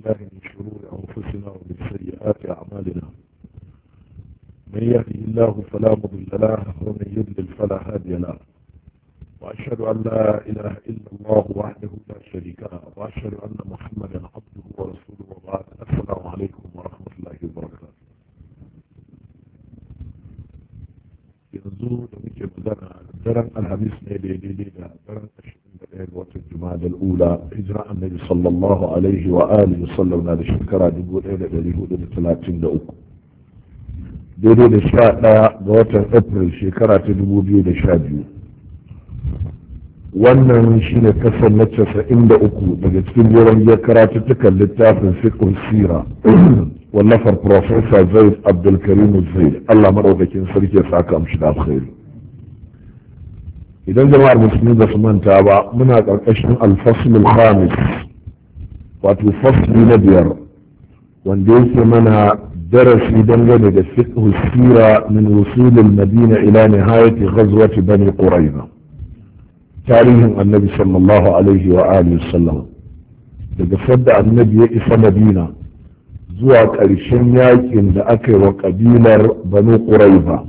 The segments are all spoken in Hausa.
الله من شرور أنفسنا ومن سيئات أعمالنا من يهده الله فلا مضل له ومن يضلل فلا هادي له وأشهد أن لا إله إلا الله وحده لا شريك له وأشهد أن محمدا عبده ورسوله وبعد السلام عليكم ورحمة الله وبركاته yanzu da muke magana daren alhamis ne daidai da daren ashirin وقت الجماد الأولى إجراء النبي صلى الله عليه وآله وسلم هذا الشكرة يقول إلى ذلك هو ذلك ثلاثين لأوك دولي لشاء لا بوقت أبريل شكرة نبوبي لشادي وانا من شين كسر نتسى عند أكو لقد كنت يرى لي كرة تتكال للتافة فقه السيرة والنفر بروفيسا زيد عبد الكريم الزيد الله مرة بكين سريكي ساكا مش داب خير idan jama'ar musulmi ba su manta ba muna ƙarƙashin alfasul khamis wato fasli na biyar wanda yake mana darasi dangane da fiqh sira min wusul al-madina ila nihayati ghazwat bani quraiza tarihin annabi sallallahu alaihi wa alihi sallam daga sadda annabi ya isa madina zuwa ƙarshen yakin da aka yi wa ƙabilar banu quraiza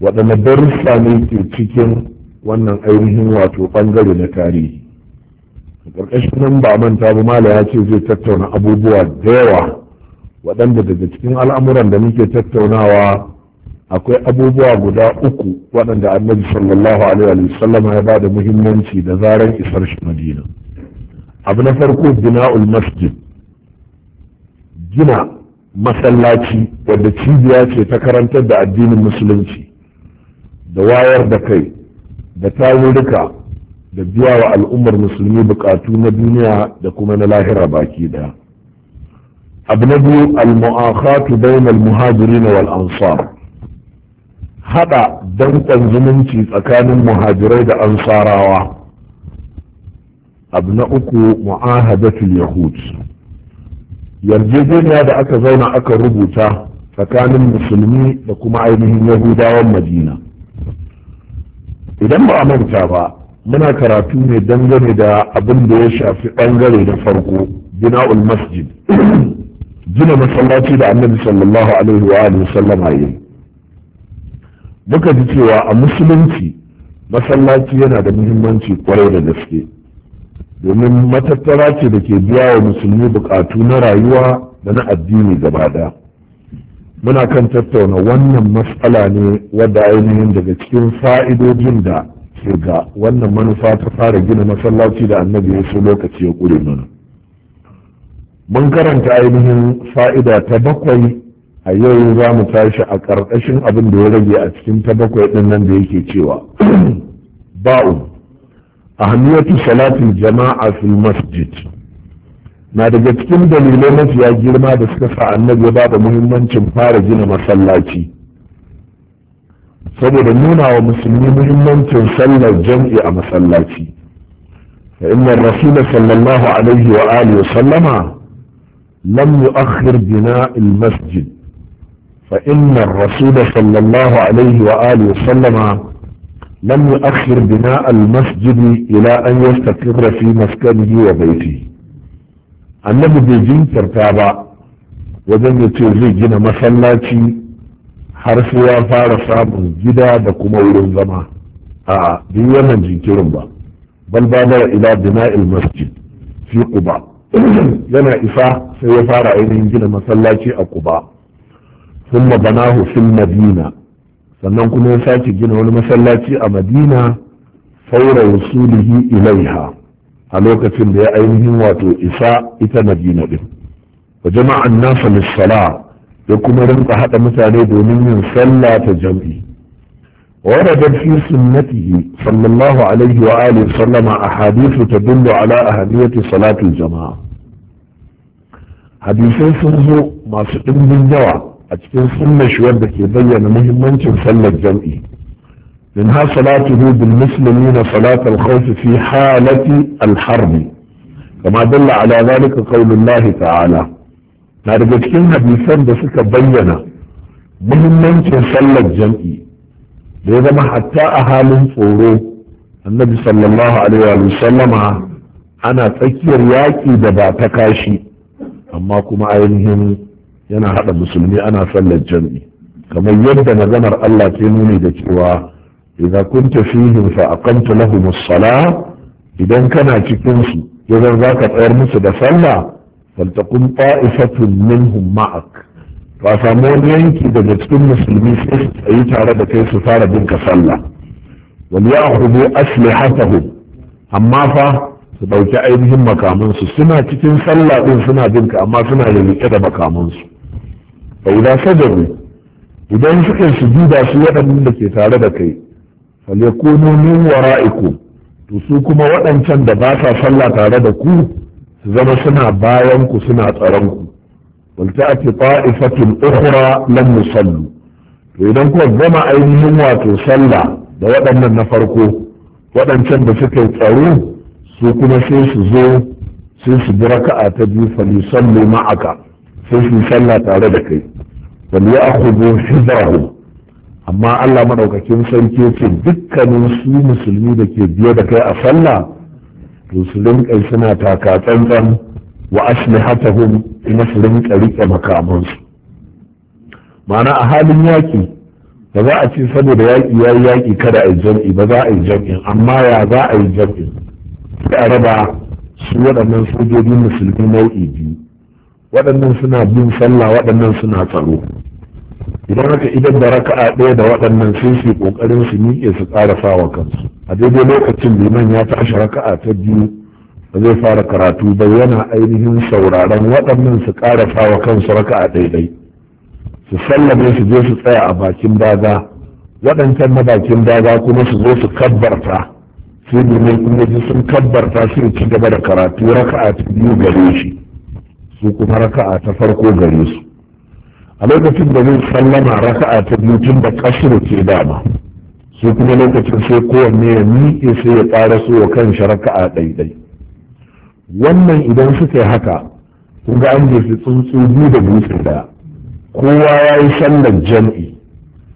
waɗanne darussa ne ke cikin wannan ainihin wato bangare na tarihi ƙarƙashin nan ba manta ba mala ya ce zai tattauna abubuwa da yawa waɗanda daga cikin al'amuran da muke tattaunawa akwai abubuwa guda uku waɗanda annabi sallallahu alaihi wa ya ba da muhimmanci da zaran isar shi madina abu na farko bina'ul masjid gina masallaci wadda cibiya ce ta karantar da addinin musulunci da wayar da kai da tarurruka da biya wa al'ummar musulmi bukatu na duniya da kuma na lahira baki daya abu na biyu al bainal muhajirin wal ansar hada danƙon zumunci tsakanin muhajirai da ansarawa abu na uku mu'ahadatul yahud yarjejeniya da aka zauna aka rubuta tsakanin musulmi da kuma ainihin yahudawan madina idan ba a manta ba muna karatu ne dangane da abin da ya shafi bangare da farko bina'ul masjid gina masallaci da annabi sallallahu alaihi wa alihi sallam yi muka ji cewa a musulunci masallaci yana da muhimmanci kwarai da gaske domin matattara ce da ke biya wa musulmi bukatu na rayuwa da na addini gaba daya muna kan tattauna wannan matsala ne wadda ainihin daga cikin fa'idojin da ke ga wannan manufa ta fara gina masallaci da annabi ya so lokaci ya ƙure mana mun karanta ainihin fa'ida ta bakwai a yau za mu tashi a ƙarƙashin abin da ya rage a cikin ta bakwai ɗin nan da yake cewa ba'u a ahmiyatu salatin jama'a fil masjid na daga cikin dalilai mafiya girma da suka sa annabi ya bada muhimmancin fara gina masallaci saboda nuna wa musulmi muhimmancin sallar jam'i a masallaci fa inna rasul sallallahu alaihi wa alihi sallama lam yu'akhir bina al-masjid fa inna rasul sallallahu alaihi wa alihi sallama لم يؤخر بناء المسجد إلى أن يستقر في مسكنه وبيته annabi bai jinkirta ba wajen da ce zai gina masallaci har sai ya fara samun gida da kuma wurin zama a duk wannan jinkirin ba bal babara ila bina'il masjid fi quba yana isa sai ya fara ainihin gina masallaci a quba thumma banahu fil madina sannan kuma ya sake gina wani masallaci a madina saura wasulihi ilaiha a lokacin da ya ainihin wato isa ita madina din wa jama'an nasa ya kuma rinka haɗa mutane domin yin sallah ta jam'i وردت في سنته صلى الله عليه وآله وسلم أحاديث تدل على أهمية صلاة الجماعة حديثين سنزو ما سئل من جوا أتكن سنة شوية بكي بيّن مهمة صلى الجمعي منها صلاته بالمسلمين na الخوف في حالة الحرب كما دل على ذلك قول الله تعالى نرجع cikin hadisan da suka bayyana muhimmancin sallar jam'i da ya zama hatta a halin tsoro annabi sallallahu alaihi wa sallama ana tsakiyar yaƙi da ba ta kashi amma kuma ainihin yana haɗa musulmi ana sallar jam'i kamar yadda maganar Allah ke nuni da cewa idza kunta fihim fa aqamta lahum as-salah idan kana cikin su idan zaka tsayar musu da sallah faltaqum ta'ifatun minhum ma'ak ba samu wani yanki daga cikin musulmi sai su tsayi tare da kai su fara bin ka sallah wal ya'khudhu aslihatahum amma fa su ɗauki ainihin makamansu suna cikin sallah ɗin suna bin amma suna da riƙe da makamansu fa idan sajaru idan su waɗannan da ke tare da kai falyakunu min wara'ikum to su kuma waɗancan da ba sa sallah tare da ku su zama suna bayan ku suna tsaron ku wal ta'ati ta'ifatun ukhra lam yusallu to idan kuka gama ainihin wato sallah da waɗannan na farko waɗancan da suke tsaro su kuma sai su zo sai su bi raka'a ta biyu fali ma'aka sai su sallah tare da kai wal ya'khudhu hidrahum amma Allah maɗaukakin sarki ce dukkanin su musulmi da ke biye da kai a sallah to su rinƙa suna taka tsantsan wa aslihatahum ina su rinƙa riƙe makamansu ma'ana a halin yaƙi ba za a ce saboda yaƙi ya yi yaƙi kada a yi jam'i ba za a yi jam'i. amma ya za a yi jam'i? sai a raba su waɗannan sojojin musulmi nau'i biyu waɗannan suna bin sallah waɗannan suna tsaro idan aka idan da raka'a ɗaya da waɗannan sai su ƙoƙarin su miƙe su ƙarasa wa kansu a daidai lokacin liman ya tashi raka'a ta biyu ba zai fara karatu bai yana ainihin sauraron waɗannan su ƙarasa wa kansu raka'a ɗaiɗai su sallame su je su tsaya a bakin daga waɗancan na bakin daga kuma su zo su kabbarta sai domin in sun kabbarta su ci gaba da karatu raka'a ta biyu gare shi su kuma raka'a ta farko gare su a lokacin da zai sallama raka'a ta biyu tun da ke dama su kuma lokacin sai kowanne ya miƙe sai ya ƙara so wa kan raka'a ɗaiɗai wannan idan suka yi haka kun ga an su tsuntsu biyu da dutse ɗaya kowa ya yi sallar jam'i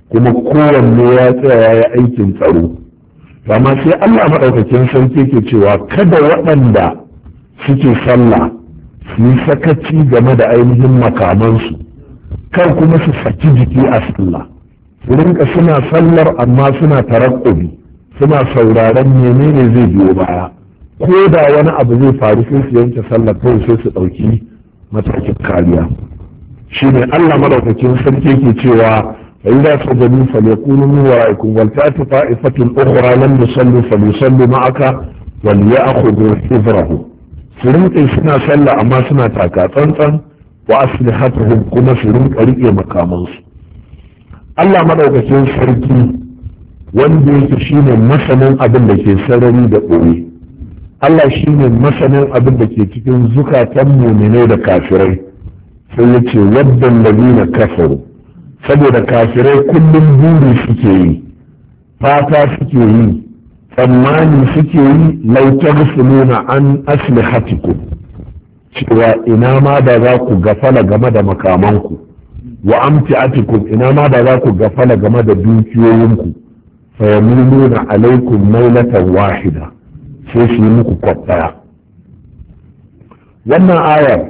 kuma kowanne ya tsaya ya yi aikin tsaro amma sai allah maɗaukakin sarki ke cewa kada waɗanda suke sallah su yi sakaci game da ainihin makamansu kar kuma su saki jiki a sallah su suna sallar amma suna tarakkubi suna sauraron menene zai biyo baya ko da wani abu zai faru sai su yanke sallar kawai sai su ɗauki matakin kariya shi ne allah maɗaukakin sarki ke cewa fa'ida ta gani falekunu min wa ra'ikun wal tati fa'ifatun ukhra lam yusalli falyusalli ma'aka wal ya'khudhu hizrahu su rinka suna sallah amma suna taka tsantsan wa aslihatuhum kuma su rinka rike makamansu Allah madaukakin sarki wanda yake shine masanin abin da ke sarari da ɓoye Allah shine masanin abin da ke cikin zukatan muminai da kafirai sai ya ce waddan ladina kafaru saboda kafirai kullum buri suke yi fata suke yi tsammani suke yi lautar nuna an aslihatikum cewa ina ma da za ku gafala game da makamanku wa amti atikum ina ma da za ku gafala game da dukiyoyinku fa yamuluna alaikum mailatan wahida sai su yi muku kwaɗaya wannan ayar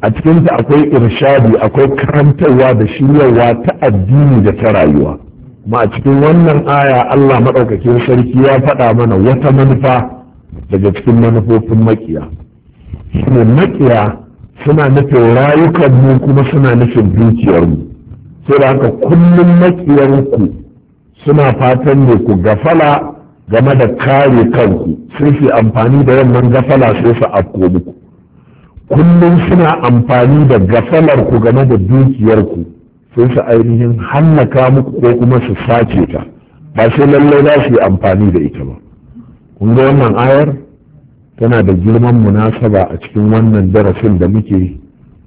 a cikinta akwai irshadi akwai karantarwa da shiryarwa ta addini da ta rayuwa Ma a cikin wannan aya Allah maɗaukakin sarki ya faɗa mana wata manufa daga cikin manufofin makiya shine makiya suna nufin rayukanmu kuma suna nufin dukiyar mu sai da haka kullum makiyar suna fatan ne ku gafala game da kare kanku sun fi amfani da yamman gafala sai su afko muku kullum suna amfani da gafalar ku game da dukiyar ku sai su ainihin hallaka muku ko kuma su sace ta ba sai lallai za su yi amfani da ita ba kun ga wannan ayar tana da girman munasaba a cikin wannan darasin da muke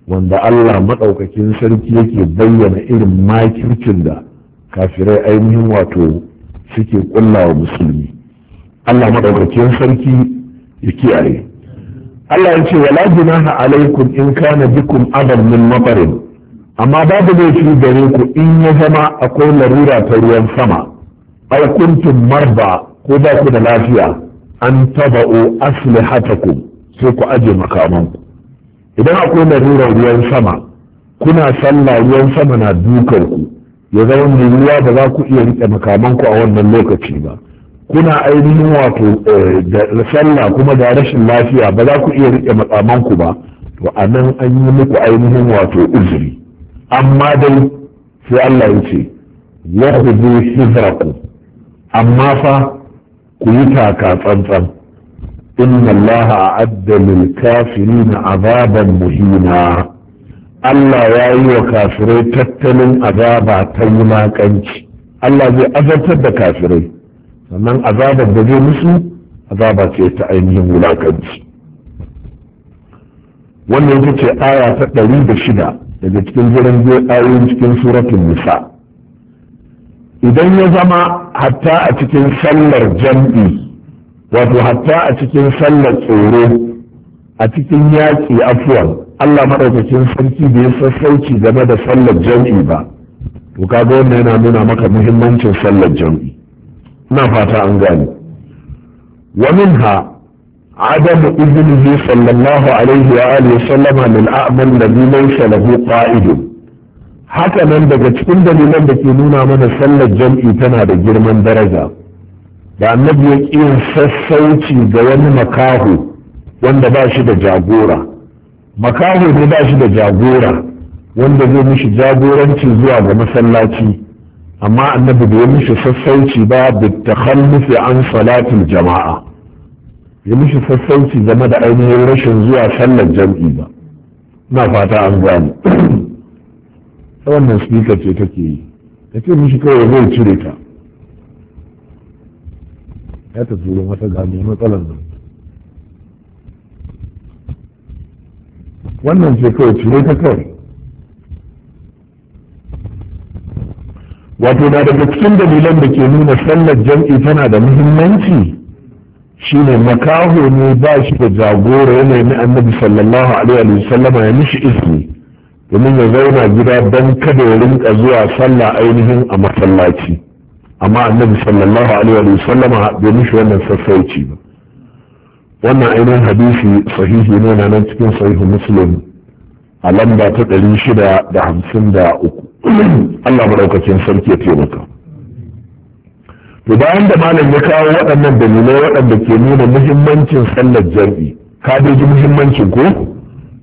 wanda Allah maɗaukakin sarki yake bayyana irin makircin da kafirai ainihin wato suke kulla wa musulmi Allah maɗaukakin sarki ya kiyaye Allah ya ce wala junaha alaikum in kana bikum adan min mafarin amma babu laifi gare ku in ya zama akwai larura ta ruwan sama ai kuntum marba ko ba ku da lafiya an taba taba'u ku sai ku aje ku idan akwai larurar ruwan sama kuna sallah ruwan sama na dukar ku ya zama mai ruwa ba za ku iya rike makamanku a wannan lokaci ba kuna ainihin wato eh, da sallah kuma da rashin lafiya ba za ku iya rike ku ba to a nan an yi muku ainihin wato uzuri amma dai sai Allah ya ce ya hizraku amma fa ku yi taka tsantsan inna a a'adda lil kafirin azaban muhina Allah ya yi wa kafirai tattalin azaba ta wulakanci. Allah zai azabtar da kafirai sannan azabar da zai musu azaba ce ta ainihin wulakanci. wannan ita ce aya ta ɗari da shida daga cikin jiran ayoyin cikin suratun nisa idan ya zama hatta a cikin sallar jam'i wato hatta a cikin sallar tsoro a cikin yaƙi afuwan Allah maɗaukacin sarki da ya sassauci game da sallar jam'i ba to kaga wannan yana nuna maka muhimmancin sallar jam'i ina fata an gane wa minha عدم إذنه صلى الله عليه وآله وسلم للأعمى الذي ليس له قائد haka nan daga cikin dalilan da ke nuna mana sallar jam'i tana da girman daraja da annabi ya yin sassauci ga wani makaho wanda ba shi da jagora makaho ne ba shi da jagora wanda zai mishi jagoranci zuwa ga masallaci amma annabi da ya mishi sassauci ba da takhallufi an salatin jama'a ya mishi sassauci game da ainihin rashin zuwa sallar jam'i ba na fata an gani. ta wannan sika ce take yi ta ce mishi kawai zai cire ta ya ta turo mata gami matsalar nan wannan ce kawai cire ta kawai wato na daga cikin dalilan da ke nuna sallar jam'i tana da muhimmanci shine makaho ne ba shi da jagora ya nemi annabi sallallahu alaihi wa sallama ya mishi izini domin ya zauna gida don kada ya rinka zuwa sallah ainihin a masallaci amma annabi sallallahu alaihi wa sallam bai mishi wannan sassauci ba wannan ainihin hadisi sahihi ne na nan cikin sahihu muslim a lamba ta ɗari shida da hamsin da uku Allah maɗaukacin sarki ya taimaka to bayan da malam ya kawo waɗannan dalilai waɗanda ke nuna muhimmancin sallar jam'i ka ji muhimmancin ko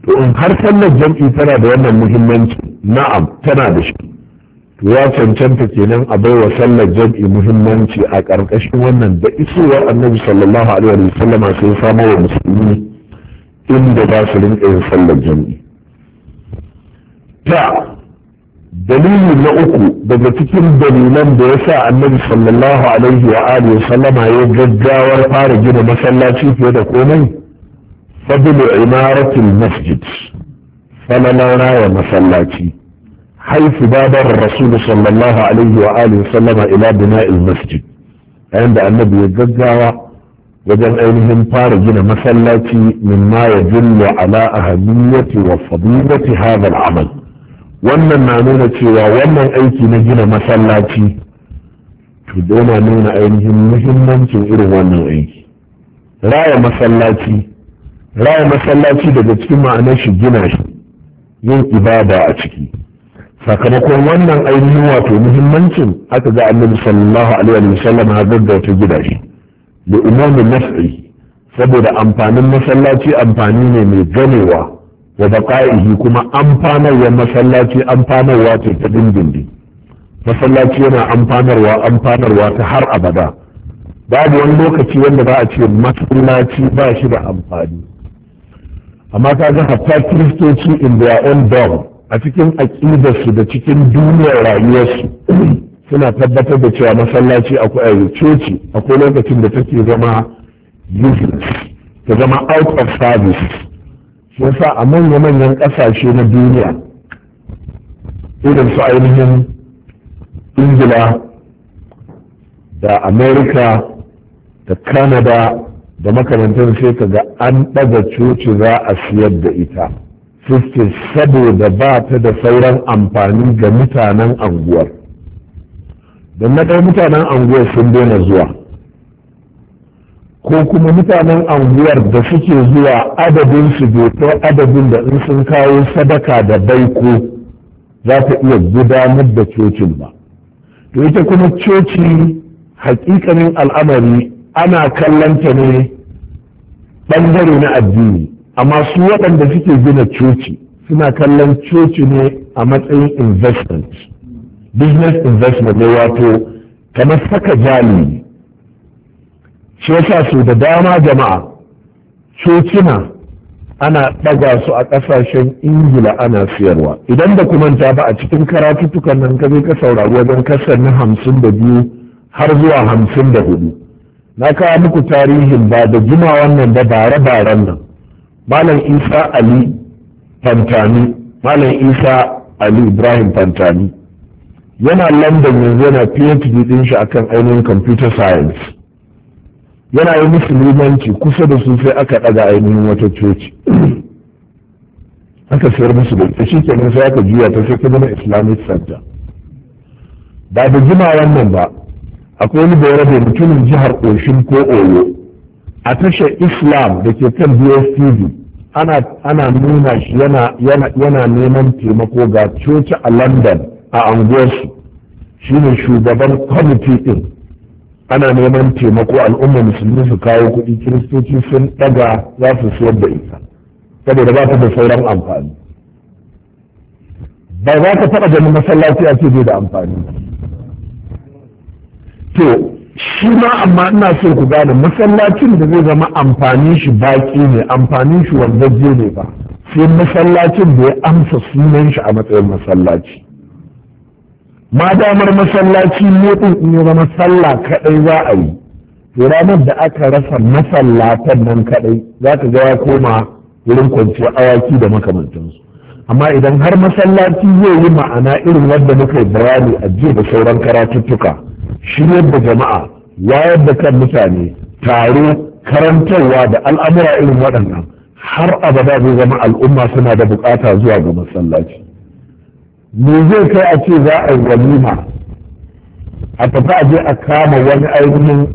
to in har sallar jam'i tana da wannan muhimmanci na'am tana da shi to ya cancanta kenan a baiwa sallar jam'i muhimmanci a ƙarƙashin wannan da isowar annabi sallallahu alaihi wa sallama sai samo wa musulmi inda ba su rinƙa yin sallar jam'i ta dalili na uku daga cikin dalilan da ya sa annabi sallallahu alaihi wa sallama ya gaggawar fara gina masallaci fiye da komai fadlu imaratul masjid falalan raya masallaci haifu babar rasulu sallallahu alaihi wa sallama ila bina'il masjid yayin da annabi ya gaggawa wajen ainihin fara gina masallaci mimma ya jullu ala ahammiyati wa fadilati hadha al-amal wannan na nuna cewa wannan aiki na gina masallaci to yana nuna ainihin muhimmancin irin wannan aiki raya masallaci raya masallaci daga cikin ma'anar shi gina shi yin ibada a ciki sakamakon wannan ainihin wato muhimmancin aka ga annabi sallallahu alaihi wa sallam hazar da wata gida shi da umarni naf'i saboda amfanin masallaci amfani ne mai ganewa wa baqa'ihi kuma amfanarwa masallaci amfanarwa ce ta dindindin masallaci yana amfanarwa amfanarwa ta har abada babu wani lokaci wanda za a ce masallaci ba shi da amfani amma ka ga hatta kiristoci in their own dog a cikin aƙidarsu da cikin duniyar rayuwarsu suna tabbatar da cewa masallaci akwai coci akwai lokacin da take zama useless ta zama out of service shi yasa a manya-manyan ƙasashe na duniya irin su ainihin ingila da america da canada da makarantar sai ka ga an ɗaga coci za a siyar da ita suke saboda ba ta da sauran amfani ga mutanen anguwar Da na ɗaya mutanen anguwar sun daina zuwa ko kuma mutanen anguwar da suke zuwa adadin su bai adadin da in sun kawo sadaka da baiko za ta iya gudanar da cocin ba to ita kuma coci hakikanin al'amari ana kallon ne ɓangare na addini amma su waɗanda suke gina coci suna kallon coci ne a matsayin investment business investment ne wato kamar saka jali shi yasa su da dama jama'a cocina ana ɗaga su a ƙasashen ingila ana siyarwa idan da kumanta ba a cikin karatuttukan nan ka ka saurari wajen kasar na hamsin da biyu har zuwa hamsin da hudu na kawo muku tarihin ba da juma wannan da bare-baren nan malam isa ali fantani malam isa ali ibrahim fantani yana london yanzu yana phd din shi akan ainihin computer science yana yi musulmanci kusa da su sai aka daga ainihin wata coci aka sayar musu da shi kenan sai aka juya ta sai ta zama islamic center ba da jima wannan ba akwai wani rabe mutumin jihar oshin ko oyo a tashar islam da ke kan dstv ana nuna shi yana neman taimako ga coci a london a anguwarsu shi ne shugaban kwamiti din ana neman taimako al'umma musulmi su kawo kuɗi kiristoci sun ɗaga za su siyar da ita saboda ba ta da sauran amfani ba za ka taɓa ganin masallaci a ce da amfani to shi ma amma ina so ku gane masallacin da zai zama amfani shi baki ne amfani shi wanzaje ne ba sai masallacin da ya amsa sunan shi a matsayin masallaci ma damar masallaci ne din in ya zama sallah kadai za a yi to ranar da aka rasa masallatan nan kadai za ka ga ya koma wurin kwanciyar awaki da makamantansu amma idan har masallaci zai yi ma'ana irin wanda muka yi bayani a jiya da sauran karatuttuka shiryar da jama'a wayar da kan mutane taro karantarwa da al'amura irin waɗannan har abada zai zama al'umma suna da bukata zuwa ga masallaci me zai kai a ce za a yi walima a tafi a je a kama wani ainihin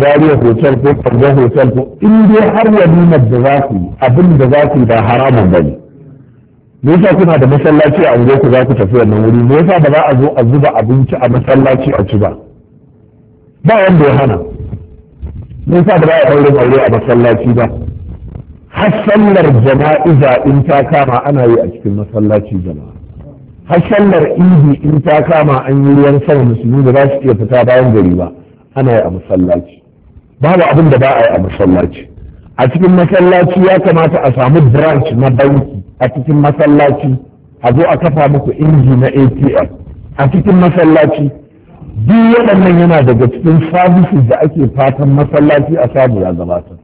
zariya hotel ko kwanzon hotel ko in dai har walimar da za ku yi abin da za ku yi ba haramun ba ne me yasa kuna da masallaci a ku za ku tafi wannan wuri me yasa ba za a zo a zuba abinci a masallaci a ci ba ba wanda ya hana mun sa ba a aure aure a masallaci ba har sallar jana'iza in ta kama ana yi a cikin masallaci jama'a har sallar idi in ta kama an yi ruwan sama musulmi da za su iya fita bayan gari ba ana yi a masallaci babu abin da ba a yi a masallaci a cikin masallaci ya kamata a samu branch na banki a cikin masallaci a zo a kafa muku inji na atm a cikin masallaci duk waɗannan yana daga cikin sabisi da ake fatan masallaci a samu ya gabata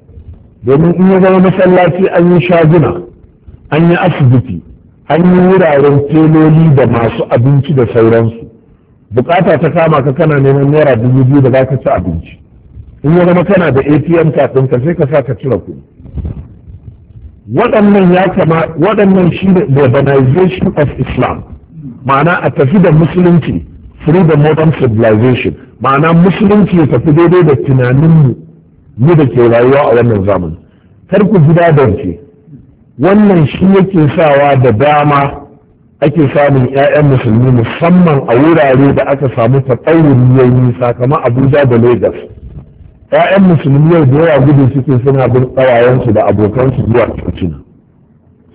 domin in ya zama masallaci an yi shaguna an yi asibiti an yi wuraren teloli da masu abinci da sauransu bukata ta kama ka kana neman naira dubu biyu da za ka ci abinci in ya zama kana da atm kafin ka sai ka sa ka cire kuɗi waɗannan ya kama waɗannan shi da urbanization of islam ma'ana a tafi da musulunci through the modern civilization ma'ana musulunci ya tafi daidai da tunaninmu mu da ke rayuwa a wannan zamani kar ku ji dadance wannan shi yake sawa da dama ake samun 'ya'yan musulmi musamman a wurare da aka samu taɓaurin yayi sakamakon abuja da lagos 'ya'yan musulmi yau da yawa gudu suke suna bin ƙawayensu da abokansu zuwa cocina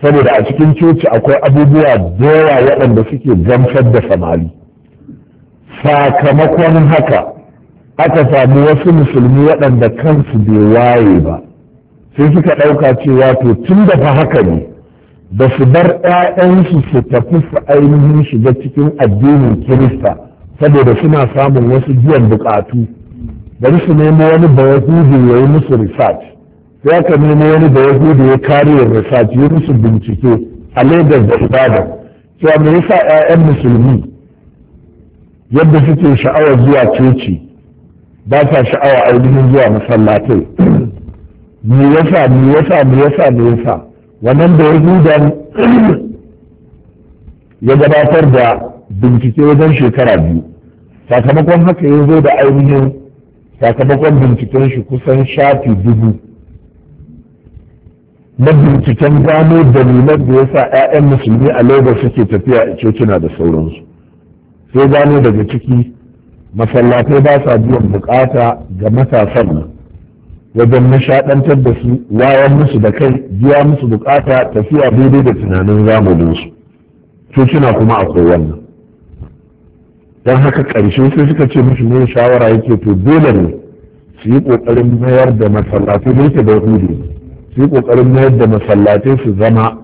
saboda a cikin coci akwai abubuwa da yawa waɗanda suke gamsar da samari sakamakon haka aka sami wasu musulmi waɗanda kansu bai waye ba sai suka ɗauka cewa to tun da fa haka ne ba su bar ‘ya'yansu su tafi su ainihin shiga cikin addinin kirista saboda suna samun wasu biyan bukatu bari su nemo wani ba yahudi ya yi musu research sai aka nemo wani ba yahudi ya kare research ya musu bincike a lagos da ibadan cewa me yasa ‘ya'yan musulmi yadda suke sha'awa zuwa coci ba sa sha'awa ainihin zuwa masallatai me yasa me yasa me yasa me yasa wannan da ya ya gabatar da bincike wajen shekara biyu sakamakon haka ya zo da ainihin sakamakon binciken shi kusan shafi dubu na binciken gano dalilan da yasa 'ya'yan musulmi a lagos suke tafiya a cocina da sauransu sai gano daga ciki masallatai ba sa biyan bukata ga matasan nan wajen nishaɗantar da su wayan musu da kai biya musu bukata tafiya daidai da tunanin zamaninsu cocina kuma akwai wannan don haka ƙarshe sai suka ce mishi ne shawara yake to dole ne su yi ƙoƙarin mayar da masallatai da yake da hudu su yi ƙoƙarin mayar da masallatai su zama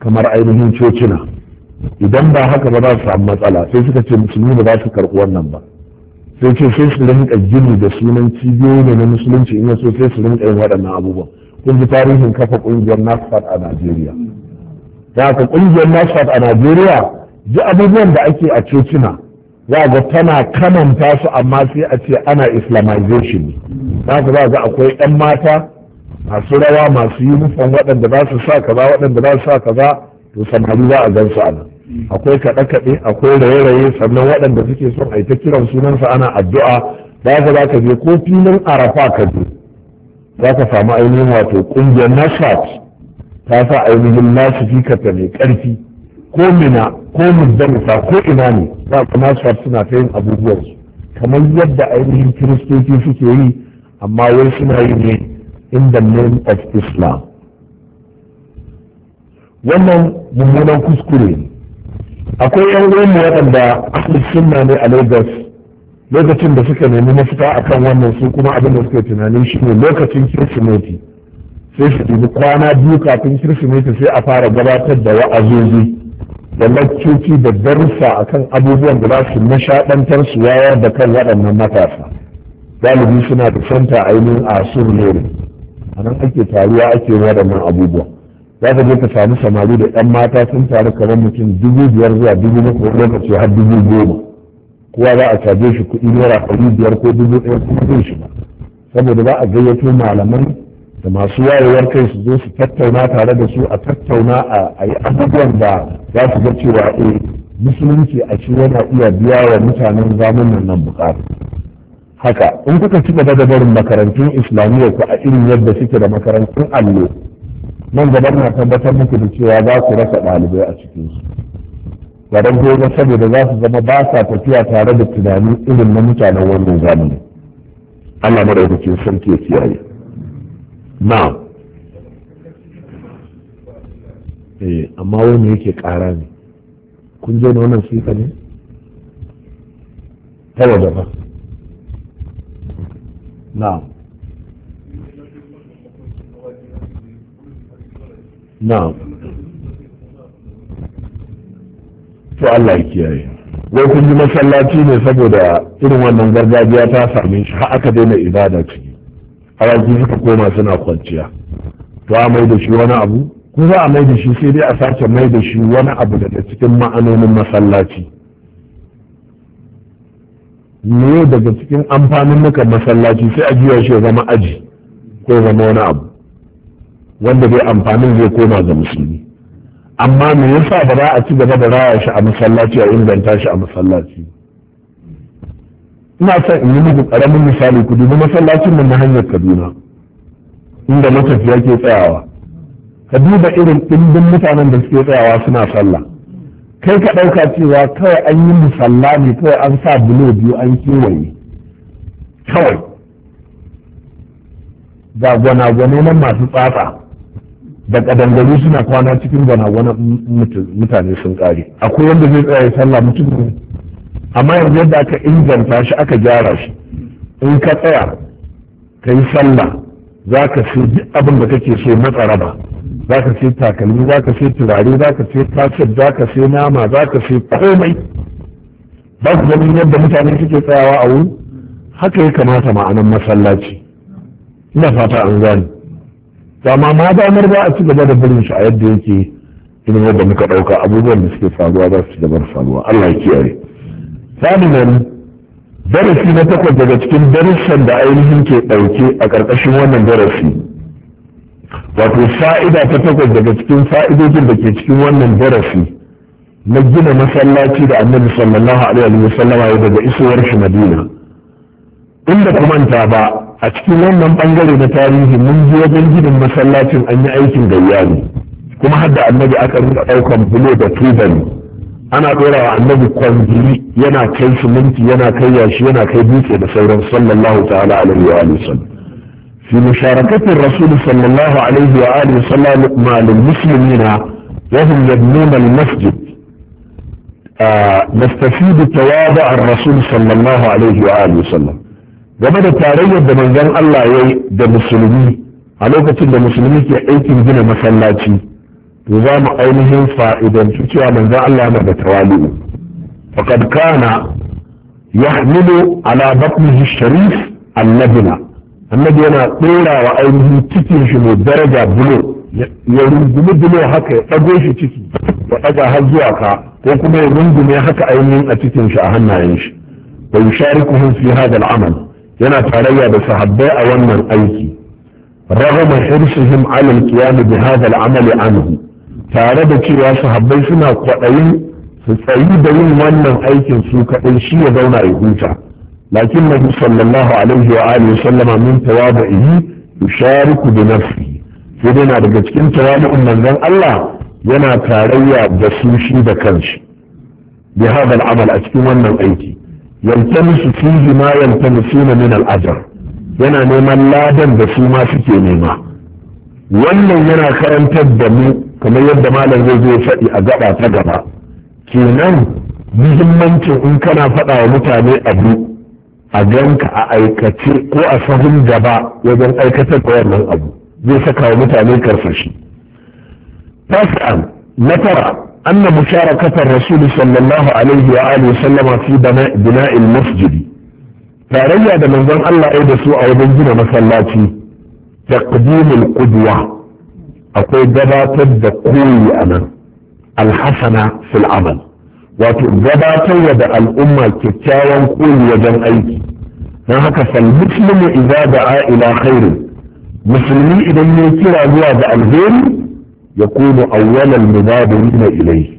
kamar ainihin cocina idan ba haka ba za su samu matsala sai suka ce musulmi ba za su karɓi wannan ba sai ce sai su rinka gini da sunan cibiyoyi ne na musulunci in yaso sai su rinka yin waɗannan abubuwan kun ji tarihin kafa ƙungiyar nasfat a najeriya da haka ƙungiyar nasfat a najeriya ji abubuwan da ake a cocina za ga tana kamanta su amma sai a ce ana islamization za ka za ga akwai 'yan mata masu rawa masu yi waɗanda za su sa kaza waɗanda za su sa kaza to samari za a gan su a nan akwai kaɗe-kaɗe akwai raye-raye sannan waɗanda suke son a yi ta kiran sunansa ana addu'a ba ka za ka je ko filin arafa ka je za ka samu ainihin wato ƙungiyar nashat ta sa ainihin ta mai ƙarfi ko mina ko muzdalifa ko ina ne za ka nashat suna ta yin abubuwansu kamar yadda ainihin kiristoci suke yi amma wai suna yi ne in the name of islam wannan mummunan kuskure ne akwai yan mu waɗanda ahli sunna ne a lagos lokacin da suka nemi mafita akan wannan su kuma abin da suka tunani shi ne lokacin kirsimeti sai su dubi kwana biyu kafin kirsimeti sai a fara gabatar da wa'azozi da lakcoci da darussa akan abubuwan da za su nishaɗantar su wayar da kan waɗannan matasa galibi suna da santa ainihin a sur ne a nan ake taruwa ake waɗannan abubuwa za ka je ka samu samari da ɗan mata sun taru kamar mutum dubu biyar zuwa dubu bakwai lokaci har dubu goma kowa za a caje shi kuɗi naira ɗari biyar ko dubu ɗaya kuma zai shiga saboda za a gayyato malaman da masu wayewar kai su zo su tattauna tare da su a tattauna a yi abubuwan da za su ga cewa eh, musulunci a shi yana iya biya wa mutanen zamanin nan bukatu haka in kuka ci gaba da barin makarantun islamiyya ku a irin yadda suke da makarantun allo nan gaba na tabbatar muku da cewa za su rasa ɗalibai a cikin su garin gobe saboda za su zama ba sa tafiya tare da tunani irin na mutanen wannan zamani Allah madaukakin sarki ke kiyaye na eh amma wani yake ƙara ne kun je na wannan sika ne ta yadda ba na'am na'am to Allah ya kiyaye wai kun ji masallaci ne saboda irin wannan gargajiya ta same shi har aka daina ibada ciki hawaji suka koma suna kwanciya to a mai da shi wani abu ko za a mai da shi sai dai a sace mai da shi wani abu daga cikin ma'anonin masallaci ne daga cikin amfanin muka masallaci sai a juya shi ya zama aji ko zama wani abu wanda bai amfanin zai koma ga musulmi amma me yasa ba za a ci gaba da raya shi a masallaci a inganta shi a masallaci ina son in yi muku karamin misali ku dubi masallacin nan na hanyar kaduna inda matafiya ke tsayawa ka duba irin ɗimbin mutanen da suke tsayawa suna sallah kai ka ɗauka cewa kawai an yi musalla ne kawai an sa bulo biyu an kewaye kawai ga gwanagwane nan masu tsatsa da kadangaru suna kwana cikin bana wani mutane sun kare akwai wanda zai tsaya sallah mutum amma yanzu yadda aka inganta shi aka gyara shi in ka tsaya ka yi sallah za ka duk abin da kake so matsa raba za ka sai takalmi za ka sai turare za ka sai kaset za ka sai nama za ka sai komai ba su ganin yadda mutane suke tsayawa a wuri haka ya kamata ma'anan masallaci ina fata an gane dama ma damar za a ci gaba da barin shi a yadda yake irin da muka ɗauka abubuwan da suke faruwa za su ci gaba faruwa Allah ya kiyaye salimin darasi na takwas daga cikin darussan da ainihin ke ɗauke a ƙarƙashin wannan darasi wato fa'ida ta takwas daga cikin fa'idojin da ke cikin wannan darasi na gina masallaci da annabi sallallahu alaihi wa sallama ya daga isowar shi madina inda manta ba a cikin wannan bangare na tarihi mun ji wajen gidan masallacin an yi aikin gayyari kuma har da annabi aka rinka ɗaukan bulo da tubali ana ɗora wa annabi kwanziri yana kai siminti yana kai yashi yana kai dutse da sauran sallallahu ta'ala alaihi wa alihi sallam في مشاركة الرسول صلى الله عليه وآله وسلم مع المسلمين وهم يبنون المسجد آه نستفيد تواضع الرسول صلى الله عليه وآله وسلم game da tarayyar da manzon Allah ya yi da musulmi a lokacin da musulmi ke aikin gina masallaci to za mu ainihin fa'idan cewa manzon Allah yana da tawali'u faqad kana yahmilu ala batnihi sharif annabina annabi yana ɗora wa ainihin cikin shi mai daraja bulo ya rungumi bulo haka ya ɗago shi ciki ya ɗaga har zuwa ka ko kuma ya rungume haka ainihin a cikin shi a hannayen shi wa yushariku fi hada al'amal yana tarayya da sahabbai a wannan aiki ragama hirshihim alal kiyami bi hadha al-amal anhu tare da cewa sahabbai suna kwaɗayin su tsayi da yin wannan aikin su kaɗai shi ya zauna ya huta lakin nabi sallallahu alaihi wa alihi sallama min tawadu'ihi yushariku bi nafsihi sai dai na daga cikin tawadu'un manzon Allah yana tarayya da su shi da kanshi bi hadha al-amal a cikin wannan aiki yaltamisu fihi ma yaltamisuna min al yana neman ladan da su ma suke nema wannan yana karantar da mu kamar yadda malam zai zo faɗi a gaba ta gaba kenan muhimmancin in kana faɗa wa mutane abu a ganka a aikace ko a sahun gaba wajen aikatar da wannan abu zai saka wa mutane karsashi fas'al na tara أن مشاركة الرسول صلى الله عليه وآله وسلم في بناء, بناء المسجد فاريا ده من ذن الله أيضا سوء أو مثلا مسلاتي تقديم القدوة أقول قباتا دقوي أنا الحسنة في العمل وتقباتا يد الأمة كتاوى كل وجن أيدي فهكا فالمسلم إذا دعا إلى خير مسلمي إذا يكرا زوا الغير ya kunu awwalal mubadirin ilai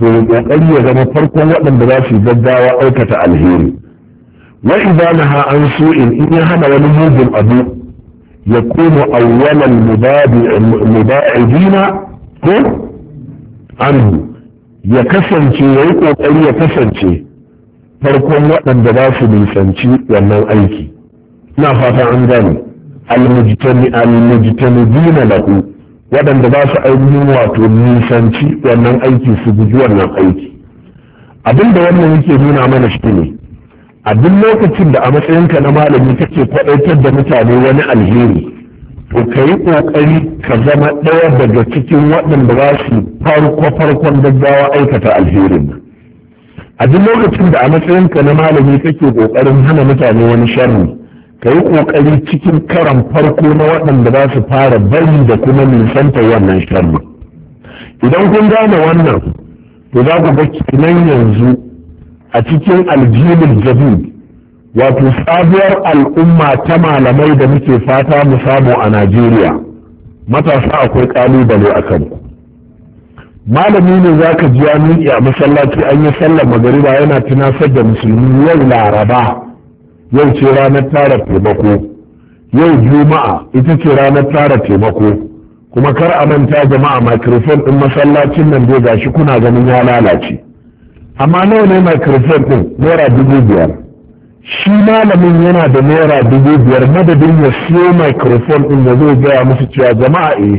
to ya kokari ya zama farkon waɗanda za su gaggawa aikata alheri wa idza naha an su'in in ya hana wani mugun abu ya kunu awwalal mubadirin ko anhu ya kasance ya yi kokari ya kasance farkon waɗanda za su nisanci wannan aiki na fata an gane al-mujtami al-mujtamidina lahu waɗanda ba su ainihin wato nisanci wannan aiki su guji wannan aiki abin da wannan yake nuna mana shi ne a duk lokacin da a matsayinka na malami kake kwaɗaitar da mutane wani alheri to ka yi ƙoƙari ka zama ɗaya daga cikin waɗanda za su farko farkon gaggawa aikata alherin nan a duk lokacin da a matsayinka na malami kake ƙoƙarin hana mutane wani sharri ka yi ƙoƙari cikin karan farko na waɗanda za su fara bari da kuma nisanta wannan sharri idan kun gane wannan to za ku ga kinan yanzu a cikin aljihun jabi wato sabuwar al'umma ta malamai da muke fata mu samu a najeriya matasa akwai ƙalubale a kanku malami ne za ka ji ya miƙe a masallaci an yi sallar magariba yana tunasar da musulmi yau laraba yau ce ranar tara taimako yau juma'a ita ce ranar tara taimako kuma kar a manta jama'a microphone din masallacin nan dai gashi kuna ganin ya lalace amma nawa ne microphone din naira dubu biyar shi malamin yana da naira dubu biyar madadin ya siyo microphone din ya zai gaya musu cewa jama'a e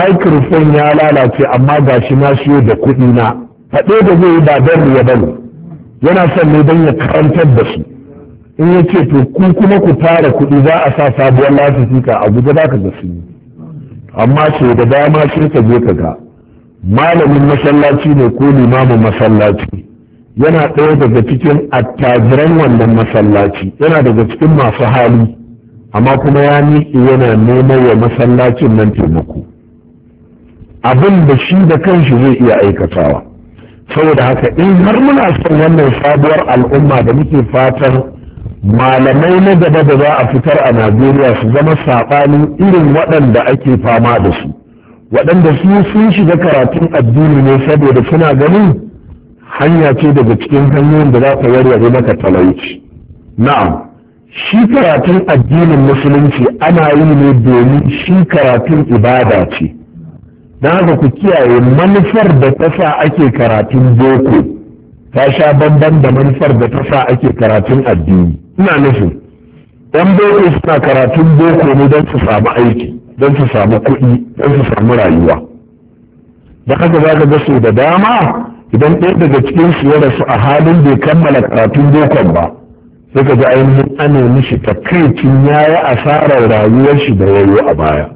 microphone ya lalace amma gashi na siyo da kuɗi na faɗe da zai yi ba don ya bane yana son ne don ya karantar da su in ya ce to ku kuma ku tara kuɗi za a sa sabuwar ka a guje za ka ga su amma ce da dama sai ka je ka ga malamin masallaci ne ko limamin masallaci yana ɗaya daga cikin attajiran wannan masallaci yana daga cikin masu hali amma kuma ya miƙe yana neman wa masallacin nan taimako abin da shi da kanshi zai iya aikatawa saboda haka in har muna son wannan sabuwar al'umma da muke fatan malamai na gaba da za a fitar a najeriya su zama saɓanin irin waɗanda ake fama da su waɗanda su sun shiga karatun addini ne saboda suna ganin hanya ce daga cikin hanyoyin da za ta warware maka talauci na'am shi karatun addinin musulunci ana yi ne domin shi karatun ibada ce don haka ku kiyaye manufar da ta sa ake karatun boko ta sha bamban da manufar da ta sa ake karatun addini ina nufin yan boko suna karatun boko ne don su samu aiki don su samu kuɗi don su samu rayuwa da haka za ka ga da dama idan ɗaya daga cikin su ya rasu a halin bai kammala karatun bokon ba sai ka ji ainihin ana mishi takaicin ya yi asarar rayuwar shi da yayo a baya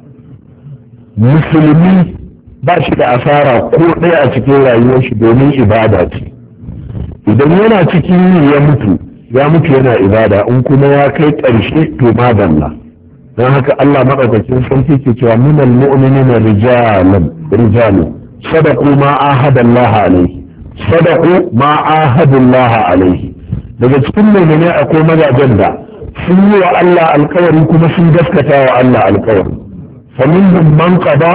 musulmi ba shi da asara ko ɗaya a cikin rayuwar shi domin ibada ce idan yana cikin yi ya mutu ya mutu yana ibada in kuma ya kai ƙarshe to madalla don haka Allah maɗaukakin sarki ke cewa minal na, rijalun rijalun sadaqu ma ahada Allah alaihi sadaqu ma ahada Allah alaihi daga cikin mu'mini akwai mazajen da sun yi wa Allah alkawari kuma sun gaskata wa Allah alkawari famin man qada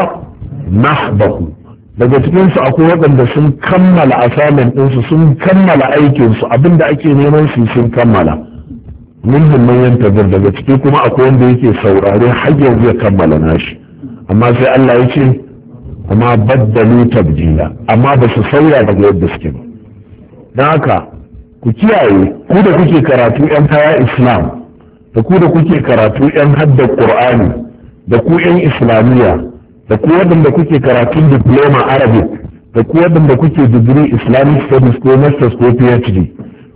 nahbahu daga cikinsu akwai waɗanda sun kammala asamin ɗinsu sun kammala aikinsu abinda ake neman su sun kammala himman 'yan yantazir daga ciki kuma akwai wanda yake saurare har yanzu ya kammala nashi amma sai Allah ya ce amma baddalu tabdila amma ba su sauya daga yadda suke ba don haka ku kiyaye ku da kuke karatu yan kaya islam da ku da kuke karatu yan hadda qur'ani da ku yan islamiyya da ku waɗanda kuke karatun diploma arabic da ku waɗanda kuke digiri islamic studies ko masters ko phd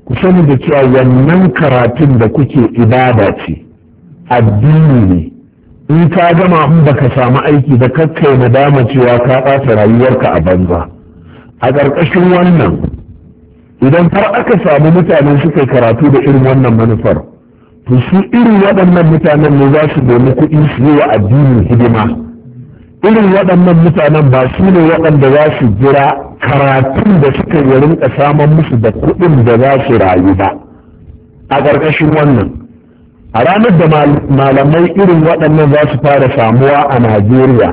ku sani da cewa wannan karatun da kuke ibada ce addini ne in ka gama in baka samu aiki da kakkai dama cewa ka ɓata rayuwarka a banza a ƙarƙashin wannan idan har aka samu mutanen suka yi karatu da irin wannan manufar to su irin waɗannan mutanen ne za su nemi kuɗi su yi wa addinin hidima irin waɗannan mutanen ba su ne waɗanda za su jira karatun da suka yi rinka samun musu da kuɗin da za su rayu ba a ƙarƙashin wannan a ranar da malamai irin waɗannan za su fara samuwa a najeriya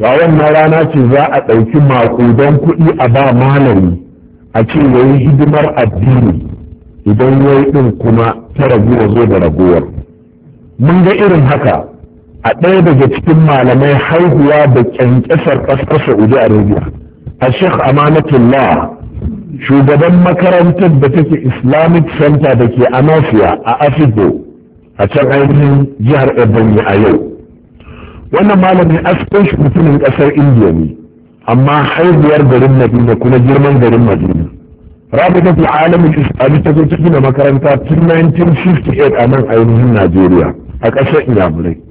ba wannan rana ce za a ɗauki maƙudan kuɗi a ba malami a ce ya yi hidimar addini idan ya yi ɗin kuma ta raguwa zo da raguwar mun ga irin haka a ɗaya daga cikin malamai haihuwa da ƙyanƙyasar ƙasar saudi arabia a sheikh amanatullah shugaban makarantar da take islamic center da ke anasiya a afigo a can ainihin jihar ebonyi a yau wannan malami aspect mutumin ƙasar indiya ne amma haihuwar garin madina kuma girman garin madina ta fi alamin islami ta zo ta gina makaranta tun 1958 a nan ainihin najeriya a ƙasar inyamurai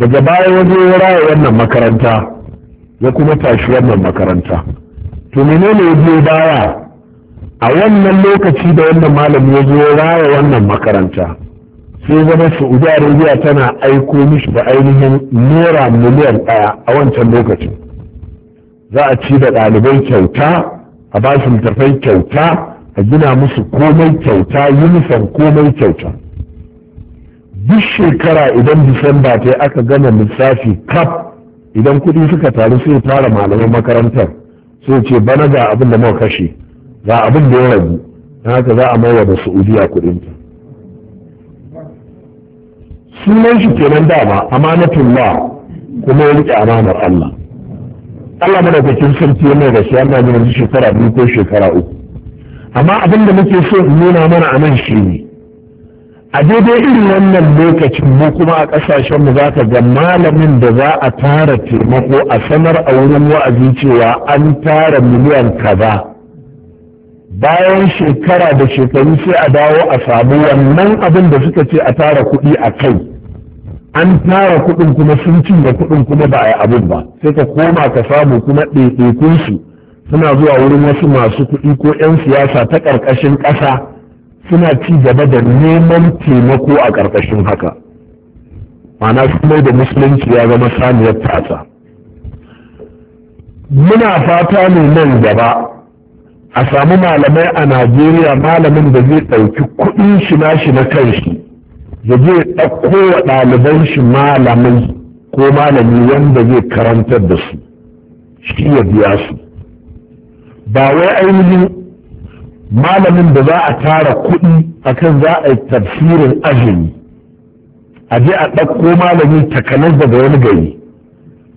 daga baya waje ya raya wannan makaranta ya kuma tashi wannan makaranta to menene ya je baya a wannan lokaci da wannan malami ya zo raya wannan makaranta sai zama saudi arabia tana aiko mishi da ainihin naira miliyan ɗaya a wancan lokacin za a ci da ɗalibai kyauta a ba su kyauta a gina musu komai kyauta uniform komai kyauta duk shekara idan disamba ta aka gama lissafi kaf idan kuɗi suka taru sai tara malaman makarantar sai ce bana ga abin da muka kashe ga abin da ya ragu na haka za a maiwa da saudiya kuɗin ta sunan shi kenan dama ma kuma ya riƙe amanar Allah Allah mana kin sarki ya mai gashi yana ne shekara biyu ko shekara uku amma abin da muke so nuna mana a nan shi ne a daidai irin wannan lokacin mu kuma a kasashen mu zaka ga malamin da za a tara taimako a sanar a wurin wa'azi cewa an tara miliyan kaza bayan shekara da shekaru sai a dawo a samu wannan abin da suka ce a tara kuɗi a kai an tara kuɗin kuma sun cinye kuɗin kuma ba a yi abin ba sai ka koma ka samu kuma ɗaiɗaikunsu suna zuwa wurin wasu masu kuɗi ko 'yan siyasa ta ƙarƙashin ƙasa suna ci gaba da neman taimako a ƙarƙashin haka Mana su da musulunci ya zama saniyar tasa muna fata ne nan gaba a samu malamai a najeriya malamin da zai ɗauki kuɗin shi na shi na shi ya je ɗauko wa ɗaliban shi malamai ko malami wanda zai karantar da su shi ya biya su ba wai ainihin malamin da za a tara kuɗi akan za a yi tafsirin azumi a je a ɗauko malami takanas daga wani gari